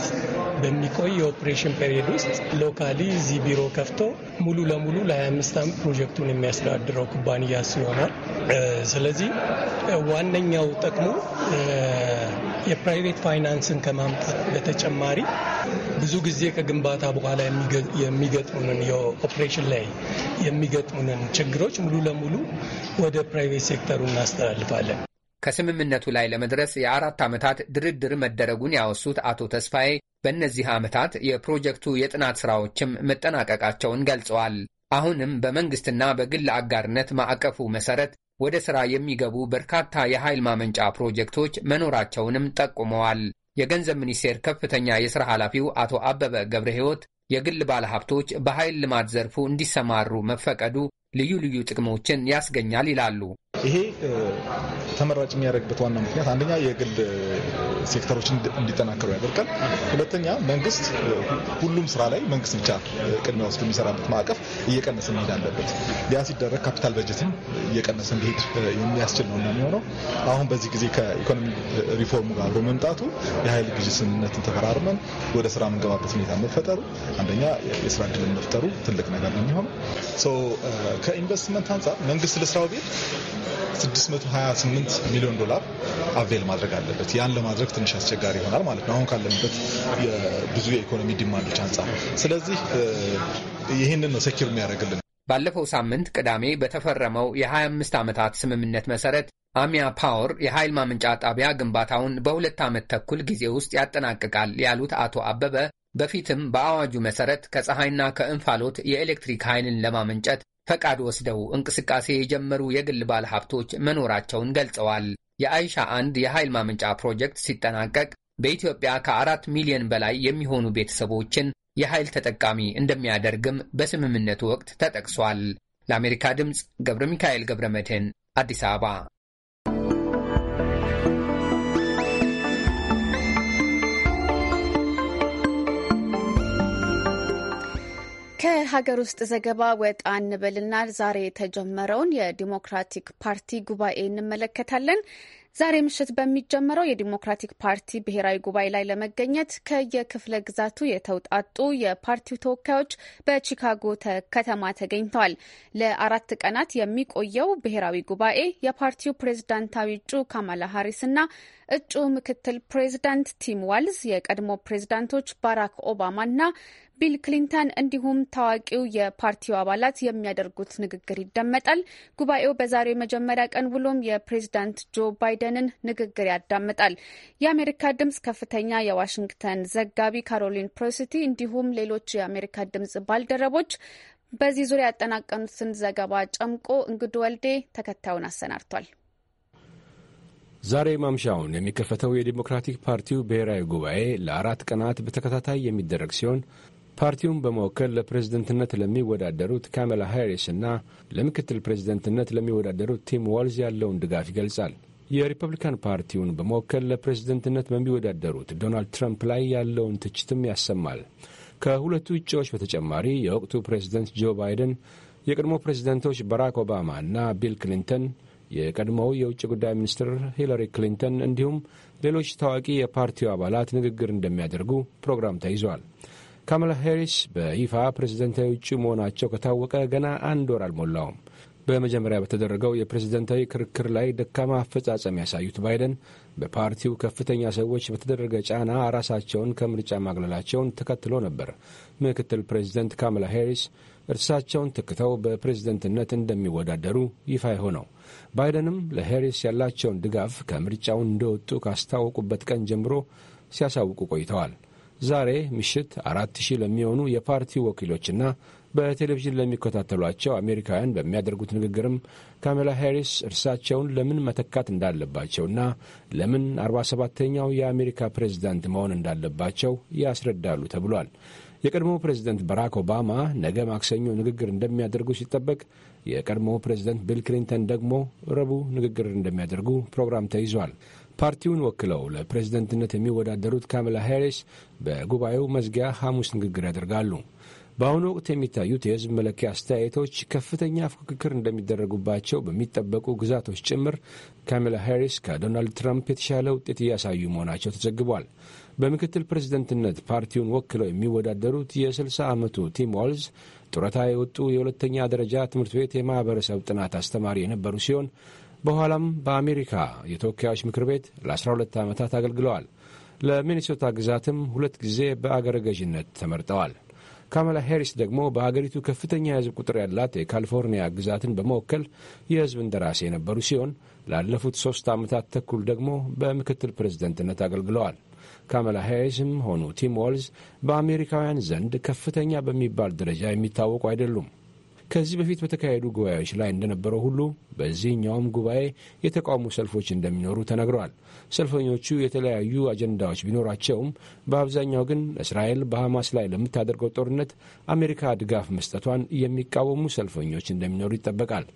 በሚቆይ የኦፕሬሽን ፔሪየድ ውስጥ ሎካሊ እዚህ ቢሮ ከፍቶ ሙሉ ለሙሉ ለ25 ዓመት ፕሮጀክቱን የሚያስተዳድረው ኩባንያ ሲሆናል። ስለዚህ ዋነኛው ጥቅሙ የፕራይቬት ፋይናንስን ከማምጣት በተጨማሪ ብዙ ጊዜ ከግንባታ በኋላ የሚገጥሙንን የኦፕሬሽን ላይ የሚገጥሙንን ችግሮች ሙሉ ለሙሉ ወደ ፕራይቬት ሴክተሩ እናስተላልፋለን። ከስምምነቱ ላይ ለመድረስ የአራት ዓመታት ድርድር መደረጉን ያወሱት አቶ ተስፋዬ በእነዚህ ዓመታት የፕሮጀክቱ የጥናት ሥራዎችም መጠናቀቃቸውን ገልጸዋል። አሁንም በመንግሥትና በግል አጋርነት ማዕቀፉ መሠረት ወደ ሥራ የሚገቡ በርካታ የኃይል ማመንጫ ፕሮጀክቶች መኖራቸውንም ጠቁመዋል። የገንዘብ ሚኒስቴር ከፍተኛ የሥራ ኃላፊው አቶ አበበ ገብረ ሕይወት የግል ባለሀብቶች በኃይል ልማት ዘርፉ እንዲሰማሩ መፈቀዱ ልዩ ልዩ ጥቅሞችን ያስገኛል ይላሉ። ይሄ ተመራጭ የሚያደርግበት ዋና ምክንያት አንደኛ የግል ሴክተሮችን እንዲጠናከሩ ያደርጋል። ሁለተኛ መንግስት ሁሉም ስራ ላይ መንግስት ብቻ ቅድሚያ ውስጥ የሚሰራበት ማዕቀፍ እየቀነሰ መሄድ አለበት። ያ ሲደረግ ካፒታል በጀትም እየቀነሰ እንዲሄድ የሚያስችል ነው የሚሆነው። አሁን በዚህ ጊዜ ከኢኮኖሚ ሪፎርሙ ጋር አብሮ መምጣቱ የኃይል ግዢ ስምምነትን ተፈራርመን ወደ ስራ የምንገባበት ሁኔታ መፈጠሩ አንደኛ የስራ እድልን መፍጠሩ ትልቅ ነገር ነው የሚሆነው። ከኢንቨስትመንት አንጻር መንግስት ለስራው ቤት 628 ሚሊዮን ዶላር አቬል ማድረግ አለበት። ያን ለማድረግ ትንሽ አስቸጋሪ ይሆናል ማለት ነው አሁን ካለንበት ብዙ የኢኮኖሚ ዲማንዶች አንጻር። ስለዚህ ይህንን ነው ሴኪር የሚያደርግልን። ባለፈው ሳምንት ቅዳሜ በተፈረመው የ25 ዓመታት ስምምነት መሰረት አሚያ ፓወር የኃይል ማመንጫ ጣቢያ ግንባታውን በሁለት ዓመት ተኩል ጊዜ ውስጥ ያጠናቅቃል ያሉት አቶ አበበ በፊትም በአዋጁ መሰረት ከፀሐይና ከእንፋሎት የኤሌክትሪክ ኃይልን ለማመንጨት ፈቃድ ወስደው እንቅስቃሴ የጀመሩ የግል ሀብቶች መኖራቸውን ገልጸዋል። የአይሻ አንድ የኃይል ማመንጫ ፕሮጀክት ሲጠናቀቅ በኢትዮጵያ ከአራት ሚሊዮን በላይ የሚሆኑ ቤተሰቦችን የኃይል ተጠቃሚ እንደሚያደርግም በስምምነቱ ወቅት ተጠቅሷል። ለአሜሪካ ድምፅ ገብረ ሚካኤል ገብረ መድህን አዲስ አበባ ከሀገር ውስጥ ዘገባ ወጣ እንበልና ዛሬ የተጀመረውን የዲሞክራቲክ ፓርቲ ጉባኤ እንመለከታለን። ዛሬ ምሽት በሚጀመረው የዲሞክራቲክ ፓርቲ ብሔራዊ ጉባኤ ላይ ለመገኘት ከየክፍለ ግዛቱ የተውጣጡ የፓርቲው ተወካዮች በቺካጎ ከተማ ተገኝተዋል። ለአራት ቀናት የሚቆየው ብሔራዊ ጉባኤ የፓርቲው ፕሬዝዳንታዊ እጩ ካማላ ሀሪስና እጩ ምክትል ፕሬዝዳንት ቲም ዋልዝ፣ የቀድሞ ፕሬዝዳንቶች ባራክ ኦባማና ቢል ክሊንተን እንዲሁም ታዋቂው የፓርቲው አባላት የሚያደርጉት ንግግር ይደመጣል። ጉባኤው በዛሬው መጀመሪያ ቀን ውሎም የፕሬዚዳንት ጆ ባይደንን ንግግር ያዳምጣል። የአሜሪካ ድምጽ ከፍተኛ የዋሽንግተን ዘጋቢ ካሮሊን ፕሮሲቲ እንዲሁም ሌሎች የአሜሪካ ድምጽ ባልደረቦች በዚህ ዙሪያ ያጠናቀኑትን ዘገባ ጨምቆ እንግዱ ወልዴ ተከታዩን አሰናድቷል። ዛሬ ማምሻውን የሚከፈተው የዲሞክራቲክ ፓርቲው ብሔራዊ ጉባኤ ለአራት ቀናት በተከታታይ የሚደረግ ሲሆን ፓርቲውን በመወከል ለፕሬዝደንትነት ለሚወዳደሩት ካሜላ ሃሪስ እና ለምክትል ፕሬዝደንትነት ለሚወዳደሩት ቲም ዋልዝ ያለውን ድጋፍ ይገልጻል። የሪፐብሊካን ፓርቲውን በመወከል ለፕሬዝደንትነት በሚወዳደሩት ዶናልድ ትራምፕ ላይ ያለውን ትችትም ያሰማል። ከሁለቱ እጩዎች በተጨማሪ የወቅቱ ፕሬዝደንት ጆ ባይደን፣ የቀድሞ ፕሬዝደንቶች ባራክ ኦባማ እና ቢል ክሊንተን፣ የቀድሞው የውጭ ጉዳይ ሚኒስትር ሂላሪ ክሊንተን እንዲሁም ሌሎች ታዋቂ የፓርቲው አባላት ንግግር እንደሚያደርጉ ፕሮግራም ተይዟል። ካማላ ሄሪስ በይፋ ፕሬዝደንታዊ እጩ መሆናቸው ከታወቀ ገና አንድ ወር አልሞላውም። በመጀመሪያ በተደረገው የፕሬዝደንታዊ ክርክር ላይ ደካማ አፈጻጸም ያሳዩት ባይደን በፓርቲው ከፍተኛ ሰዎች በተደረገ ጫና ራሳቸውን ከምርጫ ማግለላቸውን ተከትሎ ነበር ምክትል ፕሬዝደንት ካማላ ሄሪስ እርሳቸውን ተክተው በፕሬዝደንትነት እንደሚወዳደሩ ይፋ የሆነው። ባይደንም ለሄሪስ ያላቸውን ድጋፍ ከምርጫው እንደወጡ ካስታወቁበት ቀን ጀምሮ ሲያሳውቁ ቆይተዋል። ዛሬ ምሽት አራት ሺህ ለሚሆኑ የፓርቲ ወኪሎችና በቴሌቪዥን ለሚከታተሏቸው አሜሪካውያን በሚያደርጉት ንግግርም ካሜላ ሃሪስ እርሳቸውን ለምን መተካት እንዳለባቸውና ለምን 47ተኛው የአሜሪካ ፕሬዝዳንት መሆን እንዳለባቸው ያስረዳሉ ተብሏል። የቀድሞው ፕሬዝደንት ባራክ ኦባማ ነገ ማክሰኞ ንግግር እንደሚያደርጉ ሲጠበቅ የቀድሞው ፕሬዝደንት ቢል ክሊንተን ደግሞ ረቡዕ ንግግር እንደሚያደርጉ ፕሮግራም ተይዟል። ፓርቲውን ወክለው ለፕሬዝደንትነት የሚወዳደሩት ካማላ ሄሪስ በጉባኤው መዝጊያ ሐሙስ ንግግር ያደርጋሉ። በአሁኑ ወቅት የሚታዩት የሕዝብ መለኪያ አስተያየቶች ከፍተኛ ፉክክር እንደሚደረጉባቸው በሚጠበቁ ግዛቶች ጭምር ካሜላ ሄሪስ ከዶናልድ ትራምፕ የተሻለ ውጤት እያሳዩ መሆናቸው ተዘግቧል። በምክትል ፕሬዝደንትነት ፓርቲውን ወክለው የሚወዳደሩት የ60 ዓመቱ ቲም ዋልዝ ጡረታ የወጡ የሁለተኛ ደረጃ ትምህርት ቤት የማኅበረሰብ ጥናት አስተማሪ የነበሩ ሲሆን በኋላም በአሜሪካ የተወካዮች ምክር ቤት ለ12 ዓመታት አገልግለዋል። ለሚኒሶታ ግዛትም ሁለት ጊዜ በአገረ ገዥነት ተመርጠዋል። ካማላ ሄሪስ ደግሞ በአገሪቱ ከፍተኛ የሕዝብ ቁጥር ያላት የካሊፎርኒያ ግዛትን በመወከል የሕዝብ እንደራሴ የነበሩ ሲሆን ላለፉት ሦስት ዓመታት ተኩል ደግሞ በምክትል ፕሬዝደንትነት አገልግለዋል። ካማላ ሄሪስም ሆኑ ቲም ዋልዝ በአሜሪካውያን ዘንድ ከፍተኛ በሚባል ደረጃ የሚታወቁ አይደሉም። ከዚህ በፊት በተካሄዱ ጉባኤዎች ላይ እንደነበረው ሁሉ በዚህኛውም ጉባኤ የተቃውሞ ሰልፎች እንደሚኖሩ ተነግረዋል። ሰልፈኞቹ የተለያዩ አጀንዳዎች ቢኖራቸውም በአብዛኛው ግን እስራኤል በሐማስ ላይ ለምታደርገው ጦርነት አሜሪካ ድጋፍ መስጠቷን የሚቃወሙ ሰልፈኞች እንደሚኖሩ ይጠበቃል።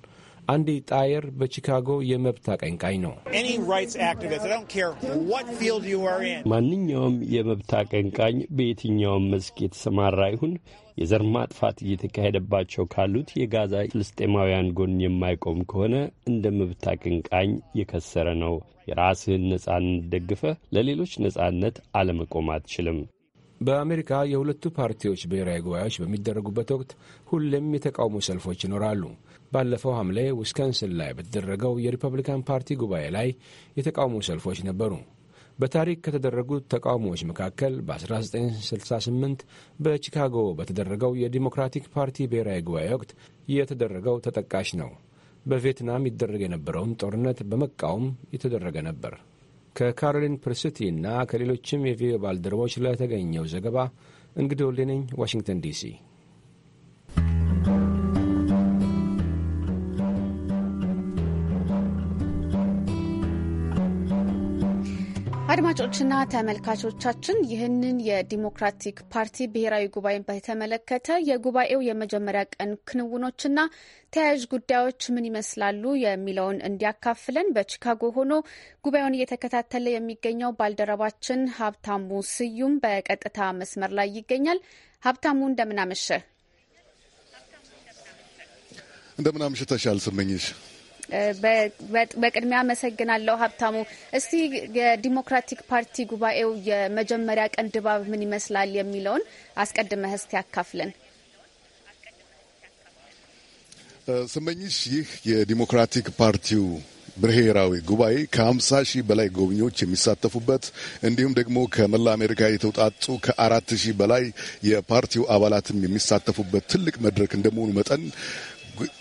አንዲ ጣየር በቺካጎ የመብት አቀንቃኝ ነው። ማንኛውም የመብት አቀንቃኝ በየትኛውም መስክ የተሰማራ ይሁን የዘር ማጥፋት እየተካሄደባቸው ካሉት የጋዛ ፍልስጤማውያን ጎን የማይቆም ከሆነ እንደ መብት አቀንቃኝ የከሰረ ነው። የራስህን ነጻነት ደግፈ ለሌሎች ነጻነት አለመቆም አትችልም። በአሜሪካ የሁለቱ ፓርቲዎች ብሔራዊ ጉባኤዎች በሚደረጉበት ወቅት ሁሌም የተቃውሞ ሰልፎች ይኖራሉ። ባለፈው ሐምሌ ዊስከንስን ላይ በተደረገው የሪፐብሊካን ፓርቲ ጉባኤ ላይ የተቃውሞ ሰልፎች ነበሩ። በታሪክ ከተደረጉት ተቃውሞዎች መካከል በ1968 በቺካጎ በተደረገው የዲሞክራቲክ ፓርቲ ብሔራዊ ጉባኤ ወቅት የተደረገው ተጠቃሽ ነው። በቪየትናም ይደረግ የነበረውን ጦርነት በመቃወም የተደረገ ነበር። ከካሮሊን ፕርስቲ እና ከሌሎችም የቪኦኤ ባልደረቦች ለተገኘው ዘገባ እንግዲህ ወልዴ ነኝ ዋሽንግተን ዲሲ። አድማጮችና ተመልካቾቻችን ይህንን የዲሞክራቲክ ፓርቲ ብሔራዊ ጉባኤን በተመለከተ የጉባኤው የመጀመሪያ ቀን ክንውኖችና ተያያዥ ጉዳዮች ምን ይመስላሉ የሚለውን እንዲያካፍለን በቺካጎ ሆኖ ጉባኤውን እየተከታተለ የሚገኘው ባልደረባችን ሀብታሙ ስዩም በቀጥታ መስመር ላይ ይገኛል። ሀብታሙ እንደምናመሸ እንደምናምሽተሻል ስመኝሽ በቅድሚያ አመሰግናለሁ ሀብታሙ። እስቲ የዲሞክራቲክ ፓርቲ ጉባኤው የመጀመሪያ ቀን ድባብ ምን ይመስላል የሚለውን አስቀድመህ እስቲ ያካፍለን። ስመኝሽ፣ ይህ የዲሞክራቲክ ፓርቲው ብሔራዊ ጉባኤ ከ50 ሺህ በላይ ጎብኚዎች የሚሳተፉበት እንዲሁም ደግሞ ከመላ አሜሪካ የተውጣጡ ከ4 ሺህ በላይ የፓርቲው አባላትም የሚሳተፉበት ትልቅ መድረክ እንደመሆኑ መጠን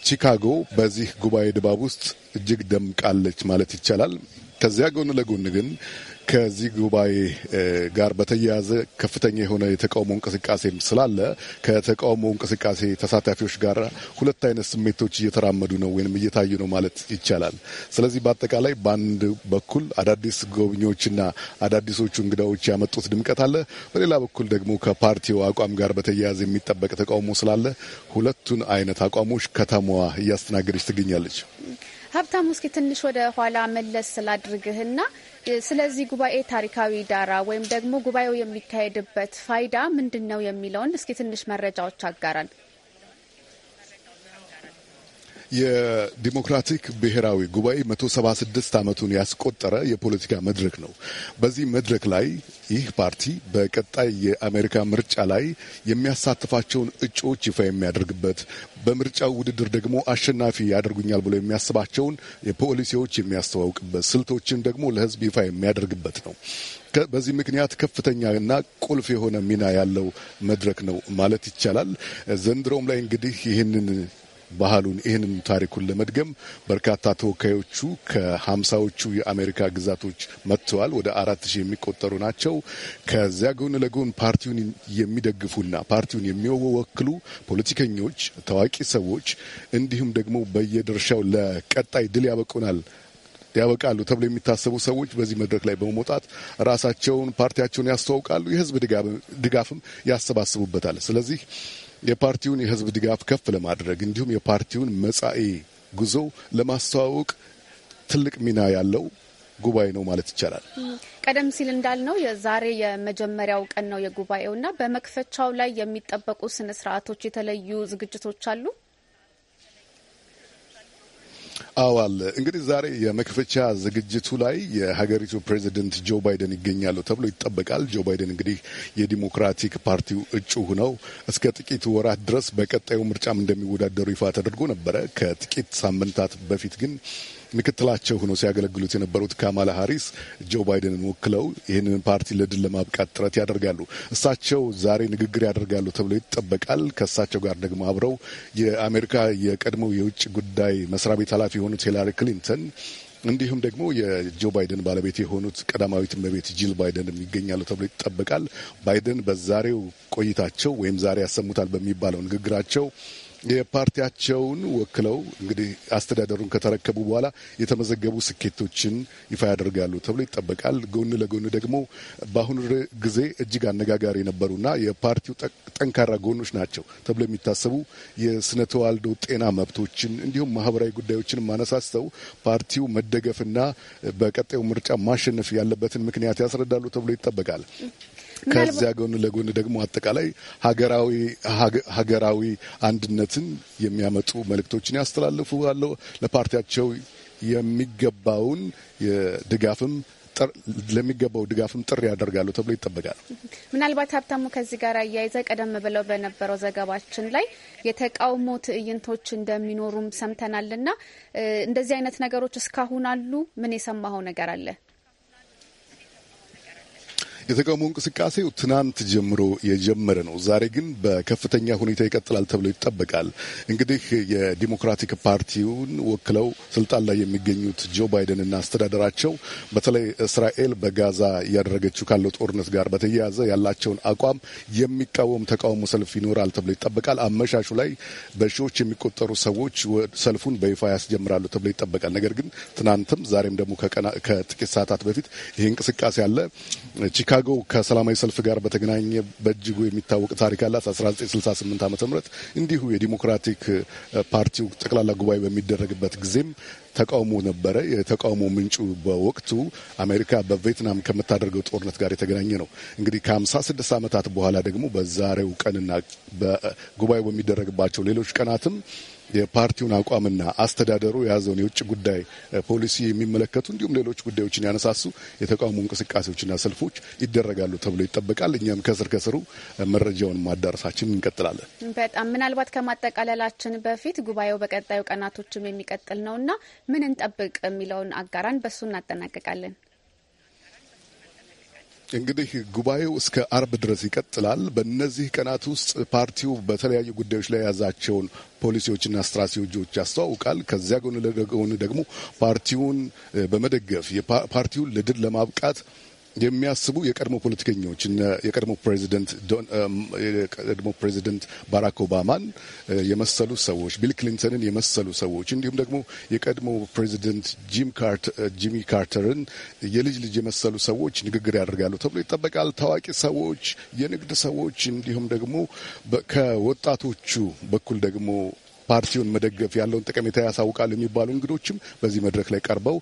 ቺካጎ በዚህ ጉባኤ ድባብ ውስጥ እጅግ ደምቃለች ማለት ይቻላል። ከዚያ ጎን ለጎን ግን ከዚህ ጉባኤ ጋር በተያያዘ ከፍተኛ የሆነ የተቃውሞ እንቅስቃሴም ስላለ ከተቃውሞ እንቅስቃሴ ተሳታፊዎች ጋር ሁለት አይነት ስሜቶች እየተራመዱ ነው ወይም እየታዩ ነው ማለት ይቻላል። ስለዚህ በአጠቃላይ በአንድ በኩል አዳዲስ ጎብኚዎችና አዳዲሶቹ እንግዳዎች ያመጡት ድምቀት አለ። በሌላ በኩል ደግሞ ከፓርቲው አቋም ጋር በተያያዘ የሚጠበቅ ተቃውሞ ስላለ ሁለቱን አይነት አቋሞች ከተማዋ እያስተናገደች ትገኛለች። ሀብታሙ፣ እስኪ ትንሽ ወደ ኋላ መለስ ስላድርግህና ስለዚህ ጉባኤ ታሪካዊ ዳራ ወይም ደግሞ ጉባኤው የሚካሄድበት ፋይዳ ምንድን ነው የሚለውን እስኪ ትንሽ መረጃዎች አጋራል። የዲሞክራቲክ ብሔራዊ ጉባኤ 176 ዓመቱን ያስቆጠረ የፖለቲካ መድረክ ነው። በዚህ መድረክ ላይ ይህ ፓርቲ በቀጣይ የአሜሪካ ምርጫ ላይ የሚያሳትፋቸውን እጩዎች ይፋ የሚያደርግበት፣ በምርጫው ውድድር ደግሞ አሸናፊ ያደርጉኛል ብሎ የሚያስባቸውን ፖሊሲዎች የሚያስተዋውቅበት፣ ስልቶችን ደግሞ ለህዝብ ይፋ የሚያደርግበት ነው። በዚህ ምክንያት ከፍተኛና ቁልፍ የሆነ ሚና ያለው መድረክ ነው ማለት ይቻላል። ዘንድሮም ላይ እንግዲህ ይህንን ባህሉን ይህንን ታሪኩን ለመድገም በርካታ ተወካዮቹ ከሀምሳዎቹ የአሜሪካ ግዛቶች መጥተዋል። ወደ አራት ሺህ የሚቆጠሩ ናቸው። ከዚያ ጎን ለጎን ፓርቲውን የሚደግፉና ፓርቲውን የሚወክሉ ፖለቲከኞች፣ ታዋቂ ሰዎች እንዲሁም ደግሞ በየድርሻው ለቀጣይ ድል ያበቁናል ያበቃሉ ተብሎ የሚታሰቡ ሰዎች በዚህ መድረክ ላይ በመውጣት ራሳቸውን ፓርቲያቸውን ያስተዋውቃሉ። የህዝብ ድጋፍም ያሰባስቡበታል። ስለዚህ የፓርቲውን የህዝብ ድጋፍ ከፍ ለማድረግ እንዲሁም የፓርቲውን መጻኢ ጉዞ ለማስተዋወቅ ትልቅ ሚና ያለው ጉባኤ ነው ማለት ይቻላል። ቀደም ሲል እንዳልነው የዛሬ የመጀመሪያው ቀን ነው የጉባኤው እና በመክፈቻው ላይ የሚጠበቁ ስነ ስርዓቶች የተለዩ ዝግጅቶች አሉ። አዋል እንግዲህ ዛሬ የመክፈቻ ዝግጅቱ ላይ የሀገሪቱ ፕሬዚደንት ጆ ባይደን ይገኛሉ ተብሎ ይጠበቃል። ጆ ባይደን እንግዲህ የዲሞክራቲክ ፓርቲው እጩ ሆነው እስከ ጥቂት ወራት ድረስ በቀጣዩ ምርጫም እንደሚወዳደሩ ይፋ ተደርጎ ነበረ። ከጥቂት ሳምንታት በፊት ግን ምክትላቸው ሆነው ሲያገለግሉት የነበሩት ካማላ ሀሪስ ጆ ባይደንን ወክለው ይህንን ፓርቲ ለድል ለማብቃት ጥረት ያደርጋሉ። እሳቸው ዛሬ ንግግር ያደርጋሉ ተብሎ ይጠበቃል። ከእሳቸው ጋር ደግሞ አብረው የአሜሪካ የቀድሞው የውጭ ጉዳይ መስሪያ ቤት ኃላፊ የሆኑት ሂላሪ ክሊንተን እንዲሁም ደግሞ የጆ ባይደን ባለቤት የሆኑት ቀዳማዊት እመቤት ጂል ባይደን ይገኛሉ ተብሎ ይጠበቃል። ባይደን በዛሬው ቆይታቸው ወይም ዛሬ ያሰሙታል በሚባለው ንግግራቸው የፓርቲያቸውን ወክለው እንግዲህ አስተዳደሩን ከተረከቡ በኋላ የተመዘገቡ ስኬቶችን ይፋ ያደርጋሉ ተብሎ ይጠበቃል። ጎን ለጎን ደግሞ በአሁኑ ጊዜ እጅግ አነጋጋሪ የነበሩና የፓርቲው ጠንካራ ጎኖች ናቸው ተብሎ የሚታሰቡ የስነ ተዋልዶ ጤና መብቶችን እንዲሁም ማህበራዊ ጉዳዮችን ማነሳስተው ፓርቲው መደገፍና በቀጣዩ ምርጫ ማሸነፍ ያለበትን ምክንያት ያስረዳሉ ተብሎ ይጠበቃል። ከዚያ ጎን ለጎን ደግሞ አጠቃላይ ሀገራዊ ሀገራዊ አንድነትን የሚያመጡ መልእክቶችን ያስተላልፉ አለው ለፓርቲያቸው የሚገባውን ድጋፍም ለሚገባው ድጋፍም ጥሪ ያደርጋሉ ተብሎ ይጠበቃል። ምናልባት ሀብታሙ ከዚህ ጋር አያይዘ ቀደም ብለው በነበረው ዘገባችን ላይ የተቃውሞ ትዕይንቶች እንደሚኖሩም ሰምተናል እና እንደዚህ አይነት ነገሮች እስካሁን አሉ። ምን የሰማኸው ነገር አለ? የተቃውሞ እንቅስቃሴው ትናንት ጀምሮ የጀመረ ነው። ዛሬ ግን በከፍተኛ ሁኔታ ይቀጥላል ተብሎ ይጠበቃል። እንግዲህ የዲሞክራቲክ ፓርቲውን ወክለው ስልጣን ላይ የሚገኙት ጆ እና አስተዳደራቸው በተለይ እስራኤል በጋዛ እያደረገችው ካለው ጦርነት ጋር በተያያዘ ያላቸውን አቋም የሚቃወም ተቃውሞ ሰልፍ ይኖራል ተብሎ ይጠበቃል። አመሻሹ ላይ በሺዎች የሚቆጠሩ ሰዎች ሰልፉን በይፋ ያስጀምራሉ ተብሎ ይጠበቃል። ነገር ግን ትናንትም ዛሬም ደግሞ ከጥቂት ሰዓታት በፊት ይህ እንቅስቃሴ አለ። ቺካጎ ከሰላማዊ ሰልፍ ጋር በተገናኘ በእጅጉ የሚታወቅ ታሪክ አላት። 1968 ዓ ም እንዲሁ የዲሞክራቲክ ፓርቲው ጠቅላላ ጉባኤ በሚደረግበት ጊዜም ተቃውሞ ነበረ። የተቃውሞ ምንጩ በወቅቱ አሜሪካ በቬትናም ከምታደርገው ጦርነት ጋር የተገናኘ ነው። እንግዲህ ከ56 ዓመታት በኋላ ደግሞ በዛሬው ቀንና በጉባኤው በሚደረግባቸው ሌሎች ቀናትም የፓርቲውን አቋምና አስተዳደሩ የያዘውን የውጭ ጉዳይ ፖሊሲ የሚመለከቱ እንዲሁም ሌሎች ጉዳዮችን ያነሳሱ የተቃውሞ እንቅስቃሴዎችና ሰልፎች ይደረጋሉ ተብሎ ይጠበቃል። እኛም ከስር ከስሩ መረጃውን ማዳረሳችን እንቀጥላለን። በጣም ምናልባት ከማጠቃለላችን በፊት ጉባኤው በቀጣዩ ቀናቶችም የሚቀጥል ነውና ምን እንጠብቅ የሚለውን አጋራን በሱ እናጠናቀቃለን። እንግዲህ ጉባኤው እስከ አርብ ድረስ ይቀጥላል። በእነዚህ ቀናት ውስጥ ፓርቲው በተለያዩ ጉዳዮች ላይ የያዛቸውን ፖሊሲዎችና ስትራቴጂዎች ያስተዋውቃል። ከዚያ ጎን ለጎን ደግሞ ፓርቲውን በመደገፍ ፓርቲውን ለድል ለማብቃት የሚያስቡ የቀድሞ ፖለቲከኞች የቀድሞ ፕሬዚደንት ባራክ ኦባማን የመሰሉ ሰዎች፣ ቢል ክሊንተንን የመሰሉ ሰዎች እንዲሁም ደግሞ የቀድሞ ፕሬዚደንት ጂሚ ካርተርን የልጅ ልጅ የመሰሉ ሰዎች ንግግር ያደርጋሉ ተብሎ ይጠበቃል። ታዋቂ ሰዎች፣ የንግድ ሰዎች እንዲሁም ደግሞ ከወጣቶቹ በኩል ደግሞ ፓርቲውን መደገፍ ያለውን ጠቀሜታ ያሳውቃሉ የሚባሉ እንግዶችም በዚህ መድረክ ላይ ቀርበው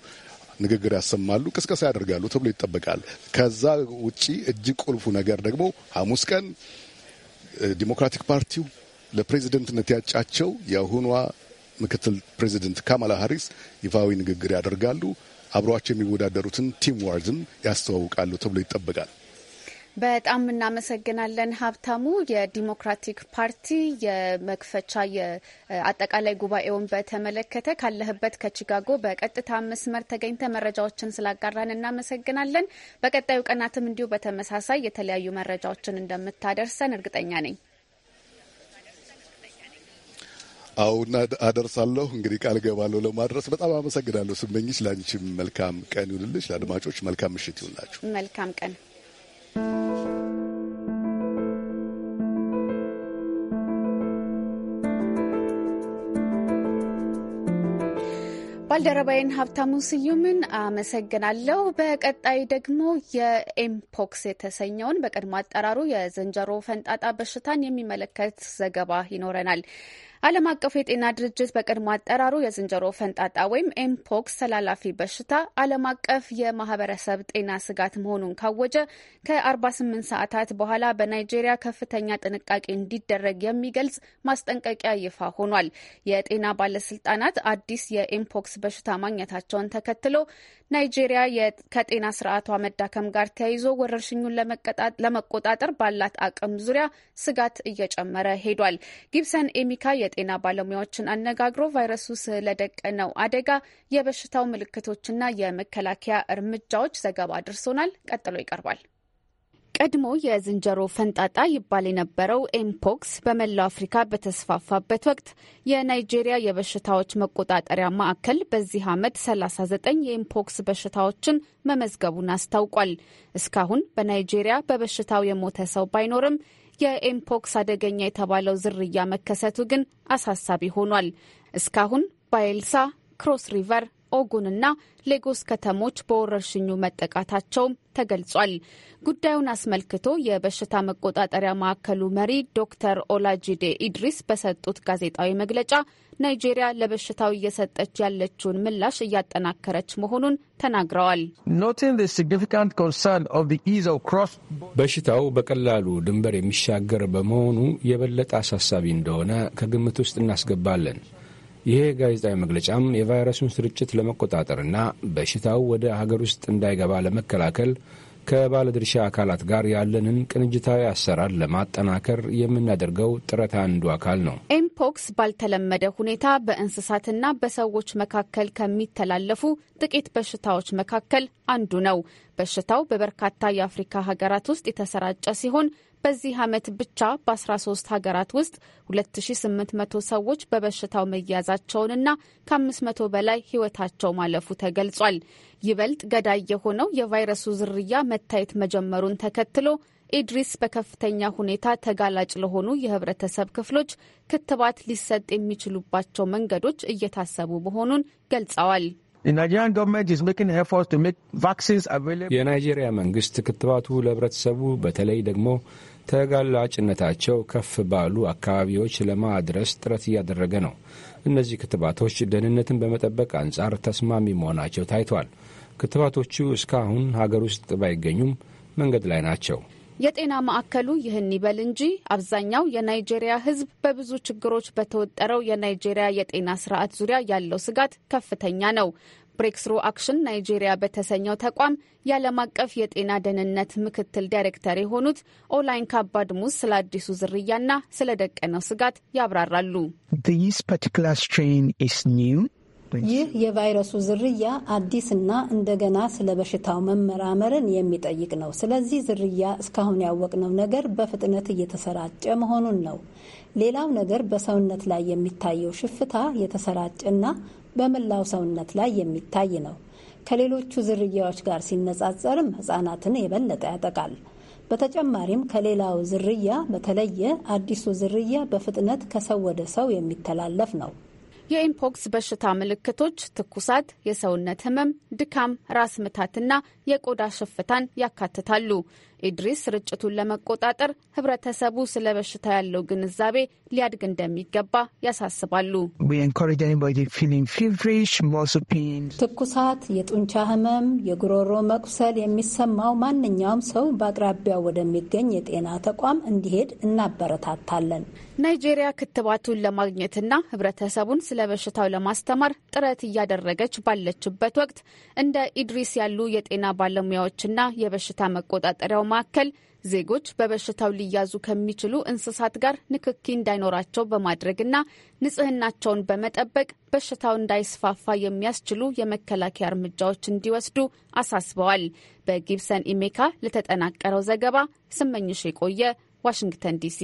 ንግግር ያሰማሉ፣ ቅስቀሳ ያደርጋሉ ተብሎ ይጠበቃል። ከዛ ውጪ እጅግ ቁልፉ ነገር ደግሞ ሐሙስ ቀን ዲሞክራቲክ ፓርቲው ለፕሬዚደንትነት ያጫቸው የአሁኗ ምክትል ፕሬዚደንት ካማላ ሀሪስ ይፋዊ ንግግር ያደርጋሉ። አብረዋቸው የሚወዳደሩትን ቲም ዋርድም ያስተዋውቃሉ ተብሎ ይጠበቃል። በጣም እናመሰግናለን ሀብታሙ። የዲሞክራቲክ ፓርቲ የመክፈቻ የአጠቃላይ ጉባኤውን በተመለከተ ካለህበት ከቺካጎ በቀጥታ መስመር ተገኝተ መረጃዎችን ስላጋራን እናመሰግናለን። በቀጣዩ ቀናትም እንዲሁ በተመሳሳይ የተለያዩ መረጃዎችን እንደምታደርሰን እርግጠኛ ነኝ። አሁን አደርሳለሁ። እንግዲህ ቃል ገባለሁ ለማድረስ። በጣም አመሰግናለሁ ስመኝሽ። ለአንቺም መልካም ቀን ይሁንልሽ። ለአድማጮች መልካም ምሽት ይሁንላችሁ። መልካም ቀን ባልደረባይን ሀብታሙ ስዩምን አመሰግናለሁ። በቀጣይ ደግሞ የኤምፖክስ የተሰኘውን በቀድሞ አጠራሩ የዝንጀሮ ፈንጣጣ በሽታን የሚመለከት ዘገባ ይኖረናል። ዓለም አቀፉ የጤና ድርጅት በቀድሞ አጠራሩ የዝንጀሮ ፈንጣጣ ወይም ኤምፖክስ ተላላፊ በሽታ ዓለም አቀፍ የማህበረሰብ ጤና ስጋት መሆኑን ካወጀ ከ48 ሰዓታት በኋላ በናይጄሪያ ከፍተኛ ጥንቃቄ እንዲደረግ የሚገልጽ ማስጠንቀቂያ ይፋ ሆኗል። የጤና ባለስልጣናት አዲስ የኤምፖክስ በሽታ ማግኘታቸውን ተከትሎ ናይጄሪያ ከጤና ስርዓቷ መዳከም ጋር ተያይዞ ወረርሽኙን ለመቆጣጠር ባላት አቅም ዙሪያ ስጋት እየጨመረ ሄዷል። ጊብሰን ኤሚካ የጤና ባለሙያዎችን አነጋግሮ ቫይረሱ ስለደቀነው አደጋ፣ የበሽታው ምልክቶችና የመከላከያ እርምጃዎች ዘገባ አድርሶናል። ቀጥሎ ይቀርባል። ቀድሞ የዝንጀሮ ፈንጣጣ ይባል የነበረው ኤምፖክስ በመላው አፍሪካ በተስፋፋበት ወቅት የናይጄሪያ የበሽታዎች መቆጣጠሪያ ማዕከል በዚህ ዓመት 39 የኤምፖክስ በሽታዎችን መመዝገቡን አስታውቋል። እስካሁን በናይጄሪያ በበሽታው የሞተ ሰው ባይኖርም የኤምፖክስ አደገኛ የተባለው ዝርያ መከሰቱ ግን አሳሳቢ ሆኗል። እስካሁን ባይልሳ፣ ክሮስ ሪቨር ኦጉንና ሌጎስ ከተሞች በወረርሽኙ መጠቃታቸውም ተገልጿል። ጉዳዩን አስመልክቶ የበሽታ መቆጣጠሪያ ማዕከሉ መሪ ዶክተር ኦላጂዴ ኢድሪስ በሰጡት ጋዜጣዊ መግለጫ ናይጄሪያ ለበሽታው እየሰጠች ያለችውን ምላሽ እያጠናከረች መሆኑን ተናግረዋል። በሽታው በቀላሉ ድንበር የሚሻገር በመሆኑ የበለጠ አሳሳቢ እንደሆነ ከግምት ውስጥ እናስገባለን። ይሄ ጋዜጣዊ መግለጫም የቫይረሱን ስርጭት ለመቆጣጠርና በሽታው ወደ ሀገር ውስጥ እንዳይገባ ለመከላከል ከባለድርሻ አካላት ጋር ያለንን ቅንጅታዊ አሰራር ለማጠናከር የምናደርገው ጥረት አንዱ አካል ነው። ኤምፖክስ ባልተለመደ ሁኔታ በእንስሳትና በሰዎች መካከል ከሚተላለፉ ጥቂት በሽታዎች መካከል አንዱ ነው። በሽታው በበርካታ የአፍሪካ ሀገራት ውስጥ የተሰራጨ ሲሆን በዚህ ዓመት ብቻ በ13 ሀገራት ውስጥ 2800 ሰዎች በበሽታው መያዛቸውንና ከ500 በላይ ሕይወታቸው ማለፉ ተገልጿል። ይበልጥ ገዳይ የሆነው የቫይረሱ ዝርያ መታየት መጀመሩን ተከትሎ ኢድሪስ በከፍተኛ ሁኔታ ተጋላጭ ለሆኑ የህብረተሰብ ክፍሎች ክትባት ሊሰጥ የሚችሉባቸው መንገዶች እየታሰቡ መሆኑን ገልጸዋል። የናይጄሪያ መንግስት ክትባቱ ለህብረተሰቡ በተለይ ደግሞ ተጋላጭነታቸው ከፍ ባሉ አካባቢዎች ለማድረስ ጥረት እያደረገ ነው። እነዚህ ክትባቶች ደህንነትን በመጠበቅ አንጻር ተስማሚ መሆናቸው ታይቷል። ክትባቶቹ እስካሁን ሀገር ውስጥ ባይገኙም መንገድ ላይ ናቸው። የጤና ማዕከሉ ይህን ይበል እንጂ አብዛኛው የናይጄሪያ ሕዝብ በብዙ ችግሮች በተወጠረው የናይጄሪያ የጤና ስርዓት ዙሪያ ያለው ስጋት ከፍተኛ ነው። ብሬክስሩ አክሽን ናይጄሪያ በተሰኘው ተቋም የዓለም አቀፍ የጤና ደህንነት ምክትል ዳይሬክተር የሆኑት ኦላይን ካባድሙስ ስለ አዲሱ ዝርያና ስለ ደቀነው ስጋት ያብራራሉ። ይህ የቫይረሱ ዝርያ አዲስና እንደገና ስለ በሽታው መመራመርን የሚጠይቅ ነው። ስለዚህ ዝርያ እስካሁን ያወቅነው ነገር በፍጥነት እየተሰራጨ መሆኑን ነው። ሌላው ነገር በሰውነት ላይ የሚታየው ሽፍታ የተሰራጨና በመላው ሰውነት ላይ የሚታይ ነው። ከሌሎቹ ዝርያዎች ጋር ሲነጻጸርም ህጻናትን የበለጠ ያጠቃል። በተጨማሪም ከሌላው ዝርያ በተለየ አዲሱ ዝርያ በፍጥነት ከሰው ወደ ሰው የሚተላለፍ ነው። የኢምፖክስ በሽታ ምልክቶች ትኩሳት፣ የሰውነት ህመም፣ ድካም፣ ራስ ምታትና የቆዳ ሽፍታን ያካትታሉ። ኢድሪስ ስርጭቱን ለመቆጣጠር ህብረተሰቡ ስለ በሽታ ያለው ግንዛቤ ሊያድግ እንደሚገባ ያሳስባሉ። ትኩሳት፣ የጡንቻ ህመም፣ የጉሮሮ መቁሰል የሚሰማው ማንኛውም ሰው በአቅራቢያው ወደሚገኝ የጤና ተቋም እንዲሄድ እናበረታታለን። ናይጄሪያ ክትባቱን ለማግኘትና ህብረተሰቡን ስለ በሽታው ለማስተማር ጥረት እያደረገች ባለችበት ወቅት እንደ ኢድሪስ ያሉ የጤና ባለሙያዎችና የበሽታ መቆጣጠሪያው ማዕከል ዜጎች በበሽታው ሊያዙ ከሚችሉ እንስሳት ጋር ንክኪ እንዳይኖራቸው በማድረግና ንጽህናቸውን በመጠበቅ በሽታው እንዳይስፋፋ የሚያስችሉ የመከላከያ እርምጃዎች እንዲወስዱ አሳስበዋል። በጊብሰን ኢሜካ ለተጠናቀረው ዘገባ ስመኝሽ የቆየ ዋሽንግተን ዲሲ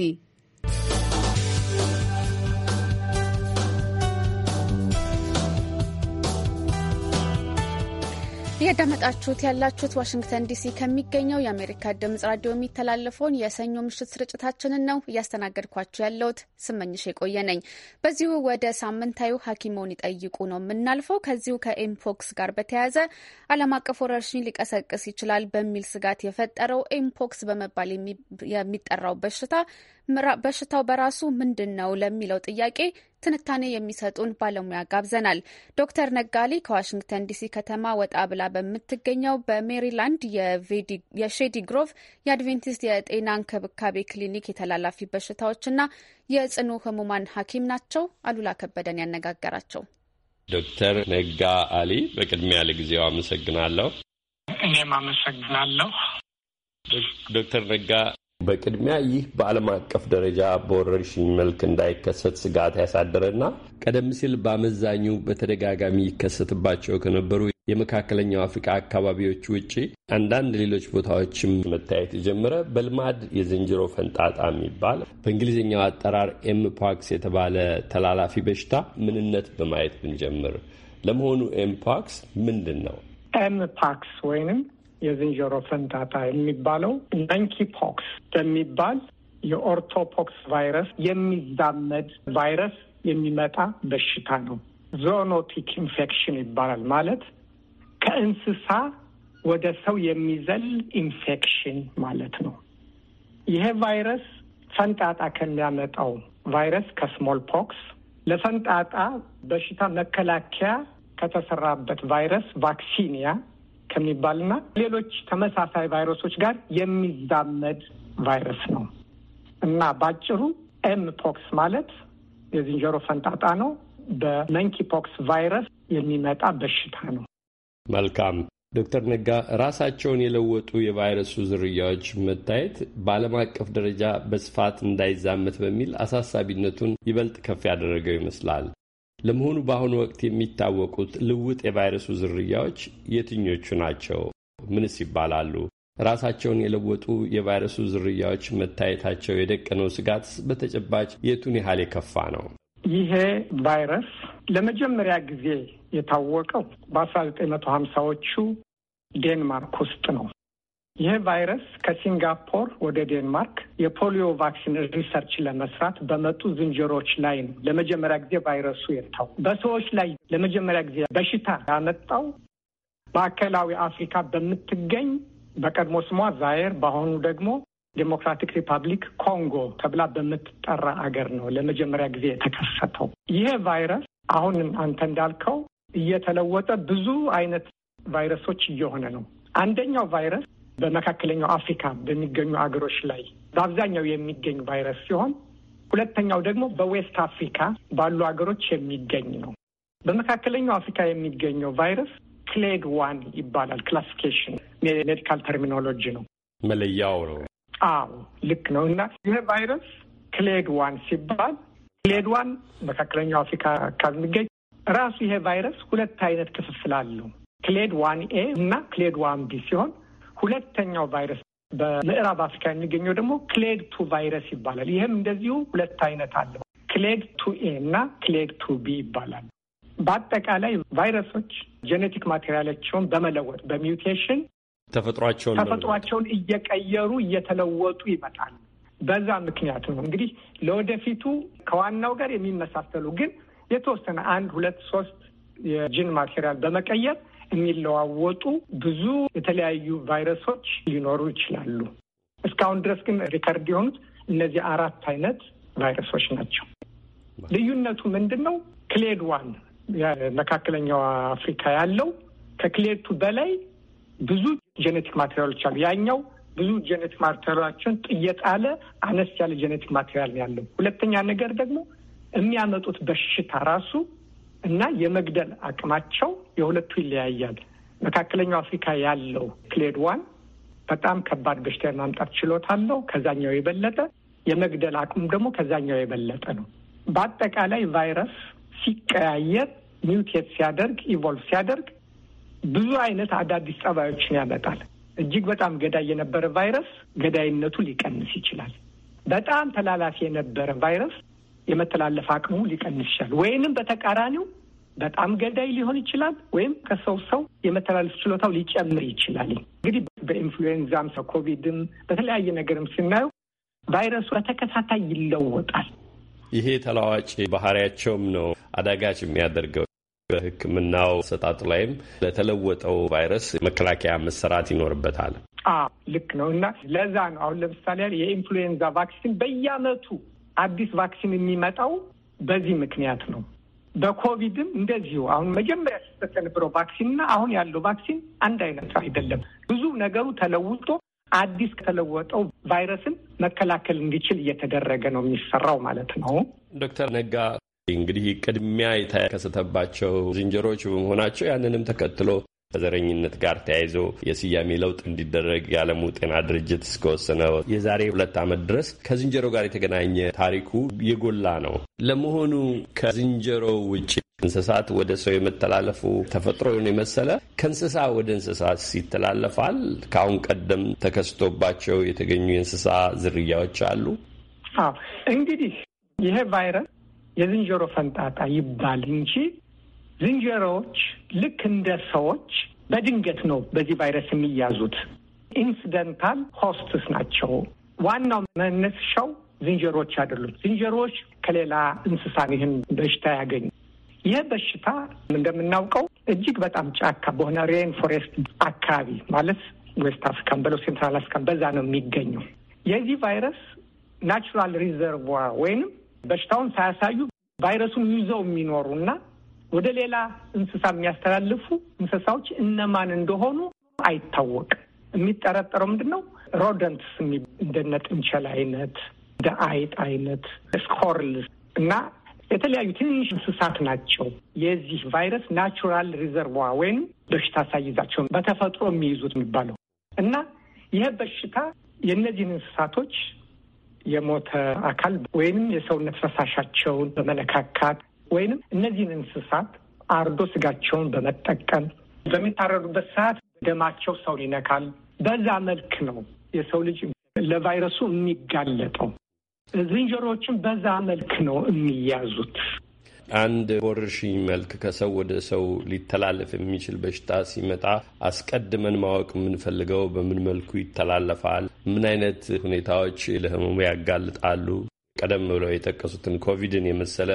እያዳመጣችሁት ያላችሁት ዋሽንግተን ዲሲ ከሚገኘው የአሜሪካ ድምጽ ራዲዮ የሚተላለፈውን የሰኞ ምሽት ስርጭታችንን ነው። እያስተናገድኳችሁ ያለሁት ስመኝሽ የቆየ ነኝ። በዚሁ ወደ ሳምንታዊ ሐኪሞን ይጠይቁ ነው የምናልፈው። ከዚሁ ከኤምፖክስ ጋር በተያያዘ ዓለም አቀፍ ወረርሽኝ ሊቀሰቅስ ይችላል በሚል ስጋት የፈጠረው ኤምፖክስ በመባል የሚጠራው በሽታ በሽታው በራሱ ምንድን ነው ለሚለው ጥያቄ ትንታኔ የሚሰጡን ባለሙያ ጋብዘናል። ዶክተር ነጋሊ ከዋሽንግተን ዲሲ ከተማ ወጣ ብላ በምትገኘው በሜሪላንድ የሼዲ ግሮቭ የአድቬንቲስት የጤና እንክብካቤ ክሊኒክ የተላላፊ በሽታዎችና የጽኑ ህሙማን ሐኪም ናቸው። አሉላ ከበደን ያነጋገራቸው። ዶክተር ነጋ አሊ በቅድሚያ ለጊዜው አመሰግናለሁ። እኔም አመሰግናለሁ። ዶክተር ነጋ በቅድሚያ ይህ በዓለም አቀፍ ደረጃ በወረርሽኝ መልክ እንዳይከሰት ስጋት ያሳደረና ቀደም ሲል በአመዛኙ በተደጋጋሚ ይከሰትባቸው ከነበሩ የመካከለኛው አፍሪካ አካባቢዎች ውጭ አንዳንድ ሌሎች ቦታዎችም መታየት የጀመረ በልማድ የዝንጀሮ ፈንጣጣ የሚባል በእንግሊዝኛው አጠራር ኤምፓክስ የተባለ ተላላፊ በሽታ ምንነት በማየት ብንጀምር፣ ለመሆኑ ኤምፓክስ ምንድን ነው? ኤምፓክስ ወይንም የዝንጀሮ ፈንጣጣ የሚባለው መንኪ ፖክስ በሚባል የኦርቶፖክስ ቫይረስ የሚዛመድ ቫይረስ የሚመጣ በሽታ ነው። ዞኖቲክ ኢንፌክሽን ይባላል። ማለት ከእንስሳ ወደ ሰው የሚዘል ኢንፌክሽን ማለት ነው። ይሄ ቫይረስ ፈንጣጣ ከሚያመጣው ቫይረስ ከስሞል ፖክስ ለፈንጣጣ በሽታ መከላከያ ከተሰራበት ቫይረስ ቫክሲኒያ ከሚባልና ሌሎች ተመሳሳይ ቫይረሶች ጋር የሚዛመድ ቫይረስ ነው እና ባጭሩ ኤም ፖክስ ማለት የዝንጀሮ ፈንጣጣ ነው። በመንኪ ፖክስ ቫይረስ የሚመጣ በሽታ ነው። መልካም ዶክተር ነጋ ራሳቸውን የለወጡ የቫይረሱ ዝርያዎች መታየት በዓለም አቀፍ ደረጃ በስፋት እንዳይዛመት በሚል አሳሳቢነቱን ይበልጥ ከፍ ያደረገው ይመስላል። ለመሆኑ በአሁኑ ወቅት የሚታወቁት ልውጥ የቫይረሱ ዝርያዎች የትኞቹ ናቸው? ምንስ ይባላሉ? ራሳቸውን የለወጡ የቫይረሱ ዝርያዎች መታየታቸው የደቀነው ስጋት በተጨባጭ የቱን ያህል የከፋ ነው? ይሄ ቫይረስ ለመጀመሪያ ጊዜ የታወቀው በአስራ ዘጠኝ መቶ ሀምሳዎቹ ዴንማርክ ውስጥ ነው። ይህ ቫይረስ ከሲንጋፖር ወደ ዴንማርክ የፖሊዮ ቫክሲን ሪሰርች ለመስራት በመጡ ዝንጀሮዎች ላይ ነው ለመጀመሪያ ጊዜ ቫይረሱ የታው። በሰዎች ላይ ለመጀመሪያ ጊዜ በሽታ ያመጣው ማዕከላዊ አፍሪካ በምትገኝ በቀድሞ ስሟ ዛየር በአሁኑ ደግሞ ዴሞክራቲክ ሪፐብሊክ ኮንጎ ተብላ በምትጠራ አገር ነው ለመጀመሪያ ጊዜ የተከሰተው። ይህ ቫይረስ አሁን አንተ እንዳልከው እየተለወጠ ብዙ አይነት ቫይረሶች እየሆነ ነው። አንደኛው ቫይረስ በመካከለኛው አፍሪካ በሚገኙ አገሮች ላይ በአብዛኛው የሚገኝ ቫይረስ ሲሆን ሁለተኛው ደግሞ በዌስት አፍሪካ ባሉ አገሮች የሚገኝ ነው። በመካከለኛው አፍሪካ የሚገኘው ቫይረስ ክሌድ ዋን ይባላል። ክላሲፊኬሽን የሜዲካል ተርሚኖሎጂ ነው፣ መለያው ነው። አዎ ልክ ነው። እና ይህ ቫይረስ ክሌድ ዋን ሲባል ክሌድ ዋን መካከለኛው አፍሪካ አካባቢ የሚገኝ ራሱ ይሄ ቫይረስ ሁለት አይነት ክፍፍል አለው። ክሌድ ዋን ኤ እና ክሌድ ዋን ቢ ሲሆን ሁለተኛው ቫይረስ በምዕራብ አፍሪካ የሚገኘው ደግሞ ክሌድ ቱ ቫይረስ ይባላል። ይህም እንደዚሁ ሁለት አይነት አለው። ክሌድ ቱ ኤ እና ክሌድ ቱ ቢ ይባላል። በአጠቃላይ ቫይረሶች ጄኔቲክ ማቴሪያላቸውን በመለወጥ በሚውቴሽን ተፈጥሯቸውን ተፈጥሯቸውን እየቀየሩ እየተለወጡ ይመጣሉ። በዛ ምክንያት ነው እንግዲህ ለወደፊቱ ከዋናው ጋር የሚመሳሰሉ ግን የተወሰነ አንድ ሁለት ሶስት የጂን ማቴሪያል በመቀየር የሚለዋወጡ ብዙ የተለያዩ ቫይረሶች ሊኖሩ ይችላሉ። እስካሁን ድረስ ግን ሪከርድ የሆኑት እነዚህ አራት አይነት ቫይረሶች ናቸው። ልዩነቱ ምንድን ነው? ክሌድ ዋን መካከለኛው አፍሪካ ያለው ከክሌድቱ በላይ ብዙ ጄኔቲክ ማቴሪያሎች አሉ። ያኛው ብዙ ጄኔቲክ ማቴሪያሎችን ጥየጣለ አነስ ያለ ጄኔቲክ ማቴሪያል ያለው። ሁለተኛ ነገር ደግሞ የሚያመጡት በሽታ ራሱ እና የመግደል አቅማቸው የሁለቱ ይለያያል። መካከለኛው አፍሪካ ያለው ክሌድ ዋን በጣም ከባድ በሽታ የማምጣት ችሎታ አለው ከዛኛው የበለጠ የመግደል አቅሙም ደግሞ ከዛኛው የበለጠ ነው። በአጠቃላይ ቫይረስ ሲቀያየር ሚውቴት ሲያደርግ ኢቮልቭ ሲያደርግ ብዙ አይነት አዳዲስ ጸባዮችን ያመጣል። እጅግ በጣም ገዳይ የነበረ ቫይረስ ገዳይነቱ ሊቀንስ ይችላል። በጣም ተላላፊ የነበረ ቫይረስ የመተላለፍ አቅሙ ሊቀንስ ይችላል። ወይንም በተቃራኒው በጣም ገዳይ ሊሆን ይችላል። ወይም ከሰው ሰው የመተላለፍ ችሎታው ሊጨምር ይችላል። እንግዲህ በኢንፍሉዌንዛም ኮቪድም በተለያየ ነገርም ስናየው ቫይረሱ በተከታታይ ይለወጣል። ይሄ ተለዋጭ ባህሪያቸውም ነው አዳጋች የሚያደርገው። በሕክምናው ሰጣጡ ላይም ለተለወጠው ቫይረስ መከላከያ መሰራት ይኖርበታል። ልክ ነው። እና ለዛ ነው አሁን ለምሳሌ የኢንፍሉዌንዛ ቫክሲን በየአመቱ አዲስ ቫክሲን የሚመጣው በዚህ ምክንያት ነው። በኮቪድም እንደዚሁ አሁን መጀመሪያ ሲሰጥ የነበረው ቫክሲንና አሁን ያለው ቫክሲን አንድ አይነት አይደለም። ብዙ ነገሩ ተለውጦ አዲስ ከተለወጠው ቫይረስን መከላከል እንዲችል እየተደረገ ነው የሚሰራው ማለት ነው። ዶክተር ነጋ እንግዲህ ቅድሚያ የተከሰተባቸው ዝንጀሮች በመሆናቸው ያንንም ተከትሎ ከዘረኝነት ጋር ተያይዞ የስያሜ ለውጥ እንዲደረግ የዓለሙ ጤና ድርጅት እስከወሰነ የዛሬ ሁለት ዓመት ድረስ ከዝንጀሮ ጋር የተገናኘ ታሪኩ የጎላ ነው። ለመሆኑ ከዝንጀሮ ውጭ እንስሳት ወደ ሰው የመተላለፉ ተፈጥሮን የመሰለ ከእንስሳ ወደ እንስሳ ይተላለፋል? ከአሁን ቀደም ተከስቶባቸው የተገኙ የእንስሳ ዝርያዎች አሉ? እንግዲህ ይሄ ቫይረስ የዝንጀሮ ፈንጣጣ ይባል እንጂ ዝንጀሮዎች ልክ እንደ ሰዎች በድንገት ነው በዚህ ቫይረስ የሚያዙት። ኢንሲደንታል ሆስትስ ናቸው። ዋናው መነሻው ዝንጀሮዎች አይደሉም። ዝንጀሮዎች ከሌላ እንስሳ ይህን በሽታ ያገኙ። ይህ በሽታ እንደምናውቀው እጅግ በጣም ጫካ በሆነ ሬን ፎሬስት አካባቢ ማለት ዌስት አፍሪካን በለው ሴንትራል አፍሪካን በዛ ነው የሚገኘው። የዚህ ቫይረስ ናቹራል ሪዘርቫ ወይንም በሽታውን ሳያሳዩ ቫይረሱን ይዘው የሚኖሩ እና ወደ ሌላ እንስሳ የሚያስተላልፉ እንስሳዎች እነማን እንደሆኑ አይታወቅም። የሚጠረጠረው ምንድን ነው? ሮደንትስ እንደነ ጥንቸል አይነት፣ እንደ አይጥ አይነት፣ ስኮርልስ እና የተለያዩ ትንሽ እንስሳት ናቸው። የዚህ ቫይረስ ናቹራል ሪዘርቫ ወይም በሽታ ሳይዛቸው በተፈጥሮ የሚይዙት የሚባለው እና ይህ በሽታ የእነዚህን እንስሳቶች የሞተ አካል ወይንም የሰውነት ፈሳሻቸውን በመለካካት ወይንም እነዚህን እንስሳት አርዶ ስጋቸውን በመጠቀም በሚታረዱበት ሰዓት ደማቸው ሰውን ይነካል። በዛ መልክ ነው የሰው ልጅ ለቫይረሱ የሚጋለጠው። ዝንጀሮዎችን በዛ መልክ ነው የሚያዙት። አንድ ወረርሽኝ መልክ ከሰው ወደ ሰው ሊተላለፍ የሚችል በሽታ ሲመጣ አስቀድመን ማወቅ የምንፈልገው በምን መልኩ ይተላለፋል፣ ምን አይነት ሁኔታዎች ለህመሙ ያጋልጣሉ፣ ቀደም ብለው የጠቀሱትን ኮቪድን የመሰለ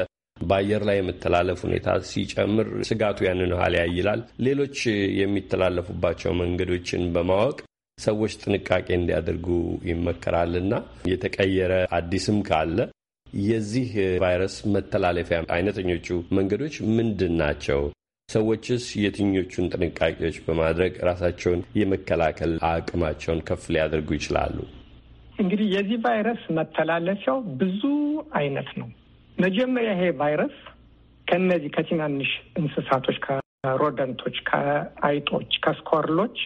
በአየር ላይ የመተላለፍ ሁኔታ ሲጨምር ስጋቱ ያንን ያህል ያይላል። ሌሎች የሚተላለፉባቸው መንገዶችን በማወቅ ሰዎች ጥንቃቄ እንዲያደርጉ ይመከራልና የተቀየረ አዲስም ካለ የዚህ ቫይረስ መተላለፊያ አይነተኞቹ መንገዶች ምንድን ናቸው? ሰዎችስ የትኞቹን ጥንቃቄዎች በማድረግ ራሳቸውን የመከላከል አቅማቸውን ከፍ ሊያደርጉ ይችላሉ? እንግዲህ የዚህ ቫይረስ መተላለፊያው ብዙ አይነት ነው። መጀመሪያ ይሄ ቫይረስ ከነዚህ ከትናንሽ እንስሳቶች ከሮደንቶች፣ ከአይጦች፣ ከስኮርሎች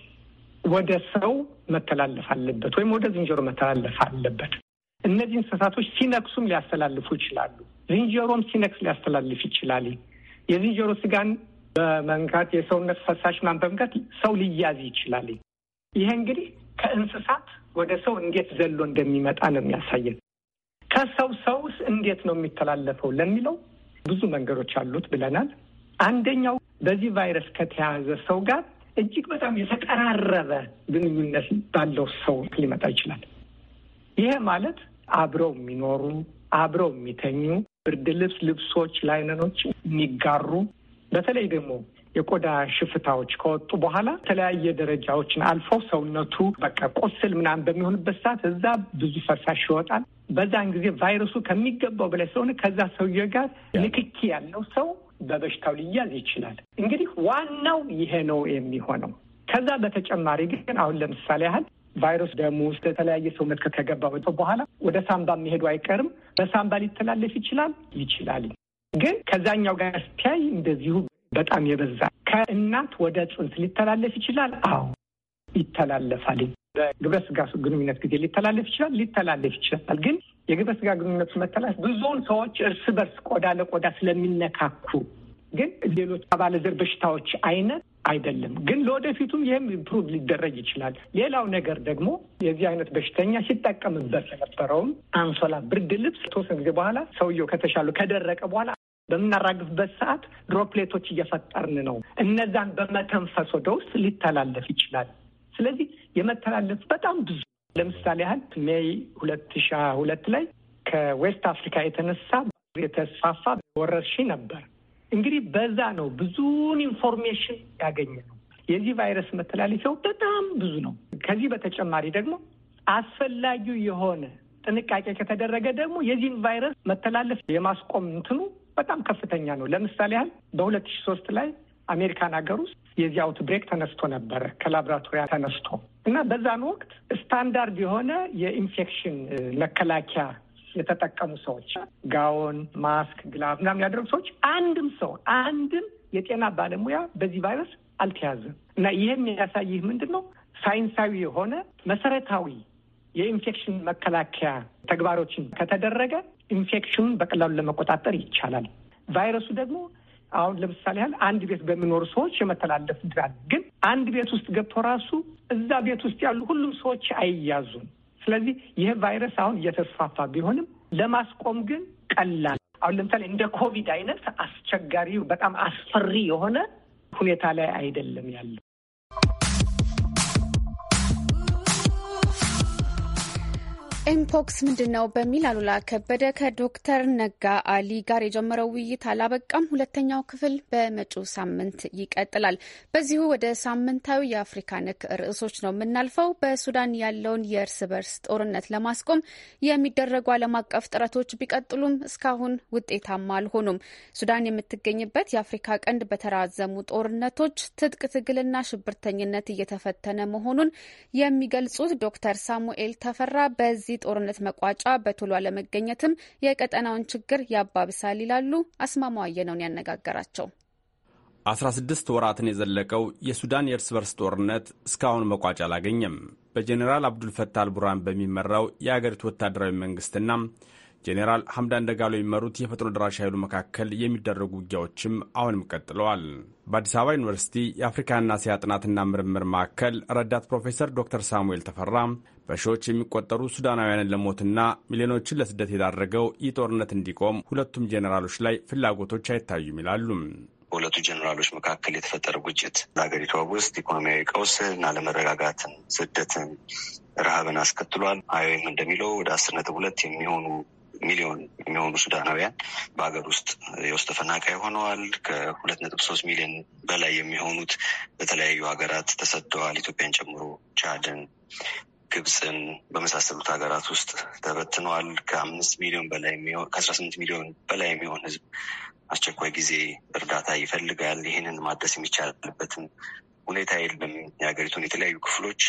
ወደ ሰው መተላለፍ አለበት ወይም ወደ ዝንጀሮ መተላለፍ አለበት። እነዚህ እንስሳቶች ሲነክሱም ሊያስተላልፉ ይችላሉ። ዝንጀሮም ሲነክስ ሊያስተላልፍ ይችላል። የዝንጀሮ ስጋን በመንካት የሰውነት ፈሳሽ ማን በመንካት ሰው ሊያዝ ይችላል። ይሄ እንግዲህ ከእንስሳት ወደ ሰው እንዴት ዘሎ እንደሚመጣ ነው የሚያሳየን። ከሰው ሰውስ እንዴት ነው የሚተላለፈው ለሚለው ብዙ መንገዶች አሉት ብለናል። አንደኛው በዚህ ቫይረስ ከተያዘ ሰው ጋር እጅግ በጣም የተቀራረበ ግንኙነት ባለው ሰው ሊመጣ ይችላል። ይሄ ማለት አብረው የሚኖሩ አብረው የሚተኙ ብርድ ልብስ፣ ልብሶች፣ ላይነኖች የሚጋሩ በተለይ ደግሞ የቆዳ ሽፍታዎች ከወጡ በኋላ የተለያየ ደረጃዎችን አልፈው ሰውነቱ በቃ ቁስል ምናምን በሚሆንበት ሰዓት እዛ ብዙ ፈሳሽ ይወጣል። በዛን ጊዜ ቫይረሱ ከሚገባው በላይ ስለሆነ ከዛ ሰውዬ ጋር ንክኪ ያለው ሰው በበሽታው ሊያዝ ይችላል። እንግዲህ ዋናው ይሄ ነው የሚሆነው። ከዛ በተጨማሪ ግን አሁን ለምሳሌ ያህል ቫይረስ ደግሞ ውስጥ የተለያየ ሰውነት ከገባ በኋላ ወደ ሳምባ መሄዱ አይቀርም። በሳምባ ሊተላለፍ ይችላል ይችላል። ግን ከዛኛው ጋር ስትያይ እንደዚሁ በጣም የበዛ ከእናት ወደ ጽንስ ሊተላለፍ ይችላል። አዎ ይተላለፋል። በግብረ ስጋ ግንኙነት ጊዜ ሊተላለፍ ይችላል ሊተላለፍ ይችላል። ግን የግብረ ስጋ ግንኙነቱ መተላለፍ ብዙውን ሰዎች እርስ በርስ ቆዳ ለቆዳ ስለሚነካኩ ግን ሌሎች አባለዘር በሽታዎች አይነት አይደለም። ግን ለወደፊቱም ይህም ኢምፕሩቭ ሊደረግ ይችላል። ሌላው ነገር ደግሞ የዚህ አይነት በሽተኛ ሲጠቀምበት የነበረውም አንሶላ፣ ብርድ ልብስ ተወሰነ ጊዜ በኋላ ሰውየው ከተሻሉ ከደረቀ በኋላ በምናራግፍበት ሰዓት ድሮፕሌቶች እየፈጠርን ነው። እነዛን በመተንፈስ ወደ ውስጥ ሊተላለፍ ይችላል። ስለዚህ የመተላለፍ በጣም ብዙ ለምሳሌ ያህል ሜይ ሁለት ሺ ሀያ ሁለት ላይ ከዌስት አፍሪካ የተነሳ የተስፋፋ ወረርሽኝ ነበር። እንግዲህ በዛ ነው ብዙውን ኢንፎርሜሽን ያገኘ ነው። የዚህ ቫይረስ መተላለፊያው በጣም ብዙ ነው። ከዚህ በተጨማሪ ደግሞ አስፈላጊው የሆነ ጥንቃቄ ከተደረገ ደግሞ የዚህን ቫይረስ መተላለፍ የማስቆም እንትኑ በጣም ከፍተኛ ነው። ለምሳሌ ያህል በሁለት ሺ ሶስት ላይ አሜሪካን ሀገር ውስጥ የዚህ አውትብሬክ ተነስቶ ነበረ ከላብራቶሪ ተነስቶ እና በዛን ወቅት ስታንዳርድ የሆነ የኢንፌክሽን መከላከያ የተጠቀሙ ሰዎች ጋውን፣ ማስክ፣ ግላቭ ምናምን ያደረጉ ሰዎች አንድም ሰው አንድም የጤና ባለሙያ በዚህ ቫይረስ አልተያዘም እና ይህ የሚያሳይህ ምንድን ነው ሳይንሳዊ የሆነ መሰረታዊ የኢንፌክሽን መከላከያ ተግባሮችን ከተደረገ ኢንፌክሽኑን በቀላሉ ለመቆጣጠር ይቻላል። ቫይረሱ ደግሞ አሁን ለምሳሌ ያህል አንድ ቤት በሚኖሩ ሰዎች የመተላለፍ ድራል ግን አንድ ቤት ውስጥ ገብቶ ራሱ እዛ ቤት ውስጥ ያሉ ሁሉም ሰዎች አይያዙም። ስለዚህ ይህ ቫይረስ አሁን እየተስፋፋ ቢሆንም ለማስቆም ግን ቀላል አሁን ለምሳሌ እንደ ኮቪድ አይነት አስቸጋሪ በጣም አስፈሪ የሆነ ሁኔታ ላይ አይደለም ያለው። ኤምፖክስ ምንድን ነው በሚል አሉላ ከበደ ከዶክተር ነጋ አሊ ጋር የጀመረው ውይይት አላበቃም። ሁለተኛው ክፍል በመጪው ሳምንት ይቀጥላል። በዚሁ ወደ ሳምንታዊ የአፍሪካ ነክ ርዕሶች ነው የምናልፈው። በሱዳን ያለውን የእርስ በርስ ጦርነት ለማስቆም የሚደረጉ ዓለም አቀፍ ጥረቶች ቢቀጥሉም እስካሁን ውጤታማ አልሆኑም። ሱዳን የምትገኝበት የአፍሪካ ቀንድ በተራዘሙ ጦርነቶች፣ ትጥቅ ትግልና ሽብርተኝነት እየተፈተነ መሆኑን የሚገልጹት ዶክተር ሳሙኤል ተፈራ በዚህ ለዚህ ጦርነት መቋጫ በቶሎ አለመገኘትም የቀጠናውን ችግር ያባብሳል ይላሉ። አስማማው አየነውን ያነጋገራቸው 16 ወራትን የዘለቀው የሱዳን የእርስ በርስ ጦርነት እስካሁን መቋጫ አላገኘም። በጄኔራል አብዱልፈታ አልቡራን በሚመራው የአገሪቱ ወታደራዊ መንግስትና ጄኔራል ሐምዳን ደጋሎ የሚመሩት የፈጥኖ ደራሽ ኃይሉ መካከል የሚደረጉ ውጊያዎችም አሁንም ቀጥለዋል። በአዲስ አበባ ዩኒቨርሲቲ የአፍሪካና እስያ ጥናትና ምርምር ማዕከል ረዳት ፕሮፌሰር ዶክተር ሳሙኤል ተፈራ በሺዎች የሚቆጠሩ ሱዳናውያንን ለሞትና ሚሊዮኖችን ለስደት የዳረገው ይህ ጦርነት እንዲቆም ሁለቱም ጄኔራሎች ላይ ፍላጎቶች አይታዩም ይላሉም። በሁለቱ ጀኔራሎች መካከል የተፈጠረ ግጭት ለሀገሪቷ ውስጥ ኢኮኖሚያዊ ቀውስን፣ አለመረጋጋትን፣ ስደትን፣ ረሃብን አስከትሏል። አይወይም እንደሚለው ወደ አስር ነጥብ ሁለት የሚሆኑ ሚሊዮን የሚሆኑ ሱዳናውያን በሀገር ውስጥ የውስጥ ተፈናቃይ ሆነዋል። ከሁለት ነጥብ ሶስት ሚሊዮን በላይ የሚሆኑት በተለያዩ ሀገራት ተሰደዋል። ኢትዮጵያን ጨምሮ ቻድን፣ ግብፅን በመሳሰሉት ሀገራት ውስጥ ተበትነዋል። ከአምስት ሚሊዮን በላይ ከአስራ ስምንት ሚሊዮን በላይ የሚሆን ህዝብ አስቸኳይ ጊዜ እርዳታ ይፈልጋል። ይህንን ማድረስ የሚቻልበትን ሁኔታ የለም። የሀገሪቱን የተለያዩ ክፍሎች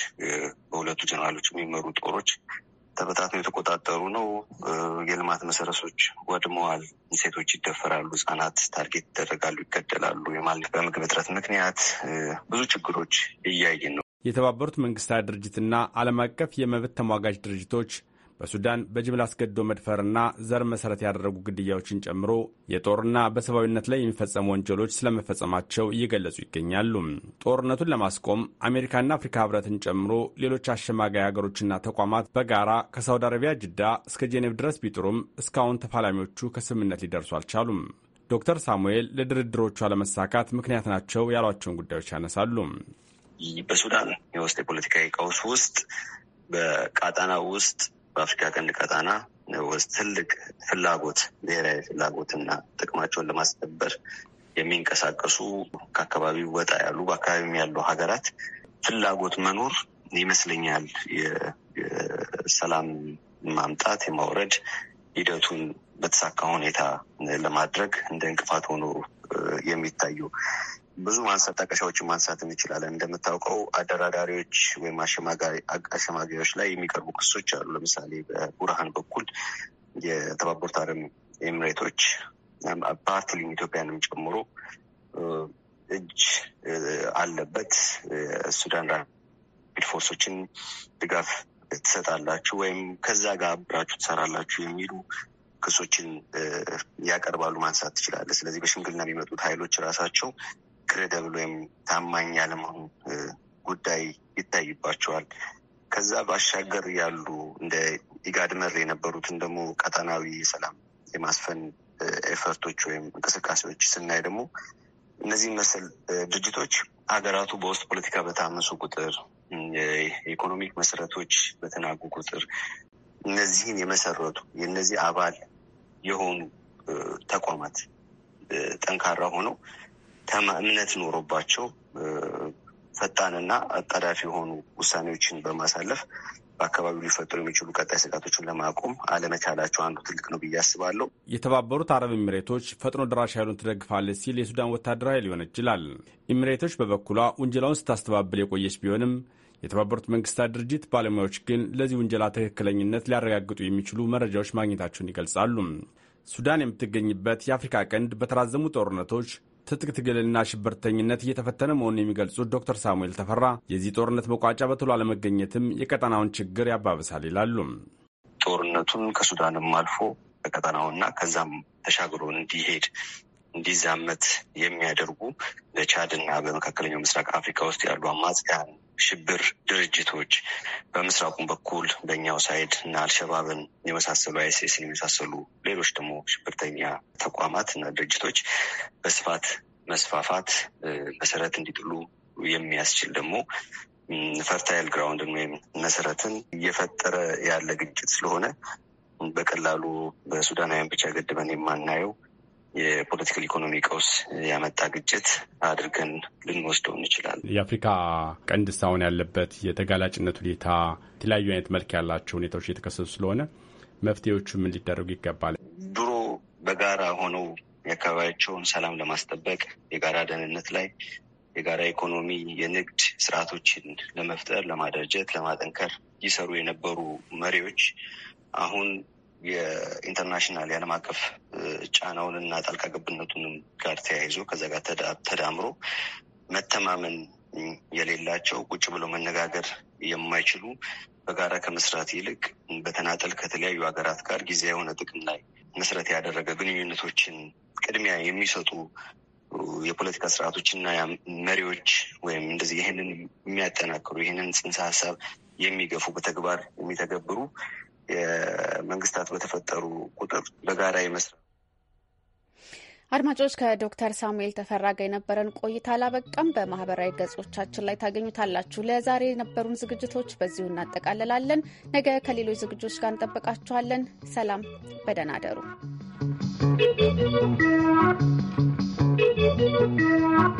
በሁለቱ ጀነራሎች የሚመሩ ጦሮች ተበታትነው የተቆጣጠሩ ነው። የልማት መሰረቶች ወድመዋል። ሴቶች ይደፈራሉ፣ ህጻናት ታርጌት ይደረጋሉ፣ ይገደላሉ። በምግብ እጥረት ምክንያት ብዙ ችግሮች እያየን ነው። የተባበሩት መንግስታት ድርጅትና ዓለም አቀፍ የመብት ተሟጋጅ ድርጅቶች በሱዳን በጅምላ አስገድዶ መድፈርና ዘር መሠረት ያደረጉ ግድያዎችን ጨምሮ የጦርና በሰብአዊነት ላይ የሚፈጸሙ ወንጀሎች ስለመፈጸማቸው እየገለጹ ይገኛሉ። ጦርነቱን ለማስቆም አሜሪካና አፍሪካ ህብረትን ጨምሮ ሌሎች አሸማጋይ ሀገሮችና ተቋማት በጋራ ከሳውዲ አረቢያ ጅዳ እስከ ጄኔቭ ድረስ ቢጥሩም እስካሁን ተፋላሚዎቹ ከስምምነት ሊደርሱ አልቻሉም። ዶክተር ሳሙኤል ለድርድሮቿ ለመሳካት ምክንያት ናቸው ያሏቸውን ጉዳዮች ያነሳሉ። በሱዳን የውስጥ የፖለቲካዊ ቀውስ ውስጥ በቃጣና ውስጥ በአፍሪካ ቀንድ ቀጣና ውስጥ ትልቅ ፍላጎት ብሔራዊ ፍላጎትና ጥቅማቸውን ለማስከበር የሚንቀሳቀሱ ከአካባቢው ወጣ ያሉ በአካባቢም ያሉ ሀገራት ፍላጎት መኖር ይመስለኛል የሰላም ማምጣት የማውረድ ሂደቱን በተሳካ ሁኔታ ለማድረግ እንደ እንቅፋት ሆኖ የሚታዩ ብዙ ማንሳት ጠቀሻዎችን ማንሳት እንችላለን። እንደምታውቀው አደራዳሪዎች ወይም አሸማጋዮች ላይ የሚቀርቡ ክሶች አሉ። ለምሳሌ በቡርሃን በኩል የተባበሩት አረብ ኤሚሬቶች ፓርቲ ኢትዮጵያንም ጨምሮ እጅ አለበት ሱዳን ራፒድ ፎርሶችን ድጋፍ ትሰጣላችሁ ወይም ከዛ ጋር አብራችሁ ትሰራላችሁ የሚሉ ክሶችን ያቀርባሉ ማንሳት ትችላለህ። ስለዚህ በሽምግልና የሚመጡት ኃይሎች ራሳቸው ክሬደብል ወይም ታማኝ ያለመሆን ጉዳይ ይታይባቸዋል። ከዛ ባሻገር ያሉ እንደ ኢጋድ መር የነበሩትን ደግሞ ቀጠናዊ ሰላም የማስፈን ኤፈርቶች ወይም እንቅስቃሴዎች ስናይ ደግሞ እነዚህ መሰል ድርጅቶች ሀገራቱ በውስጥ ፖለቲካ በታመሱ ቁጥር፣ የኢኮኖሚክ መሰረቶች በተናጉ ቁጥር እነዚህን የመሰረቱ የእነዚህ አባል የሆኑ ተቋማት ጠንካራ ሆነው እምነት ኖሮባቸው ፈጣንና አጣዳፊ የሆኑ ውሳኔዎችን በማሳለፍ በአካባቢው ሊፈጠሩ የሚችሉ ቀጣይ ስጋቶችን ለማቆም አለመቻላቸው አንዱ ትልቅ ነው ብዬ አስባለሁ። የተባበሩት አረብ ኤሚሬቶች ፈጥኖ ደራሽ ኃይሉን ትደግፋለች ሲል የሱዳን ወታደራዊ ኃይል ይችላል። ኤሚሬቶች በበኩሏ ውንጀላውን ስታስተባብል የቆየች ቢሆንም የተባበሩት መንግስታት ድርጅት ባለሙያዎች ግን ለዚህ ውንጀላ ትክክለኝነት ሊያረጋግጡ የሚችሉ መረጃዎች ማግኘታቸውን ይገልጻሉ። ሱዳን የምትገኝበት የአፍሪካ ቀንድ በተራዘሙ ጦርነቶች ትጥቅ ትግልና ሽብርተኝነት እየተፈተነ መሆኑን የሚገልጹት ዶክተር ሳሙኤል ተፈራ የዚህ ጦርነት መቋጫ በቶሎ አለመገኘትም የቀጠናውን ችግር ያባብሳል ይላሉም። ጦርነቱን ከሱዳንም አልፎ ከቀጠናውና ከዛም ተሻግሮ እንዲሄድ እንዲዛመት የሚያደርጉ በቻድና በመካከለኛው ምስራቅ አፍሪካ ውስጥ ያሉ አማጽያን ሽብር ድርጅቶች በምስራቁም በኩል በእኛው ሳይድ እና አልሸባብን የመሳሰሉ አይሴስን የመሳሰሉ ሌሎች ደግሞ ሽብርተኛ ተቋማት እና ድርጅቶች በስፋት መስፋፋት መሰረት እንዲጥሉ የሚያስችል ደግሞ ፈርታይል ግራውንድ ወይም መሰረትን እየፈጠረ ያለ ግጭት ስለሆነ በቀላሉ በሱዳናውያን ብቻ ገድበን የማናየው የፖለቲካል ኢኮኖሚ ቀውስ ያመጣ ግጭት አድርገን ልንወስደው እንችላለን። የአፍሪካ ቀንድ ሳሁን ያለበት የተጋላጭነት ሁኔታ የተለያዩ አይነት መልክ ያላቸው ሁኔታዎች እየተከሰቱ ስለሆነ መፍትሄዎቹ ምን ሊደረጉ ይገባል? ድሮ በጋራ ሆነው የአካባቢያቸውን ሰላም ለማስጠበቅ የጋራ ደህንነት ላይ የጋራ ኢኮኖሚ፣ የንግድ ስርዓቶችን ለመፍጠር፣ ለማደራጀት፣ ለማጠንከር ይሰሩ የነበሩ መሪዎች አሁን የኢንተርናሽናል የዓለም አቀፍ ጫናውን እና ጣልቃ ገብነቱንም ጋር ተያይዞ ከዛ ጋር ተዳምሮ መተማመን የሌላቸው ቁጭ ብሎ መነጋገር የማይችሉ በጋራ ከመስራት ይልቅ በተናጠል ከተለያዩ ሀገራት ጋር ጊዜ የሆነ ጥቅም ላይ መሰረት ያደረገ ግንኙነቶችን ቅድሚያ የሚሰጡ የፖለቲካ ስርዓቶችና መሪዎች ወይም እንደዚህ ይህንን የሚያጠናክሩ ይህንን ጽንሰ ሀሳብ የሚገፉ በተግባር የሚተገብሩ የመንግስታት በተፈጠሩ ቁጥር በጋራ ይመስላል። አድማጮች ከዶክተር ሳሙኤል ተፈራ ጋር የነበረን ቆይታ አላበቃም። በማህበራዊ ገጾቻችን ላይ ታገኙታላችሁ። ለዛሬ የነበሩን ዝግጅቶች በዚሁ እናጠቃልላለን። ነገ ከሌሎች ዝግጅቶች ጋር እንጠብቃችኋለን። ሰላም፣ በደህና አደሩ።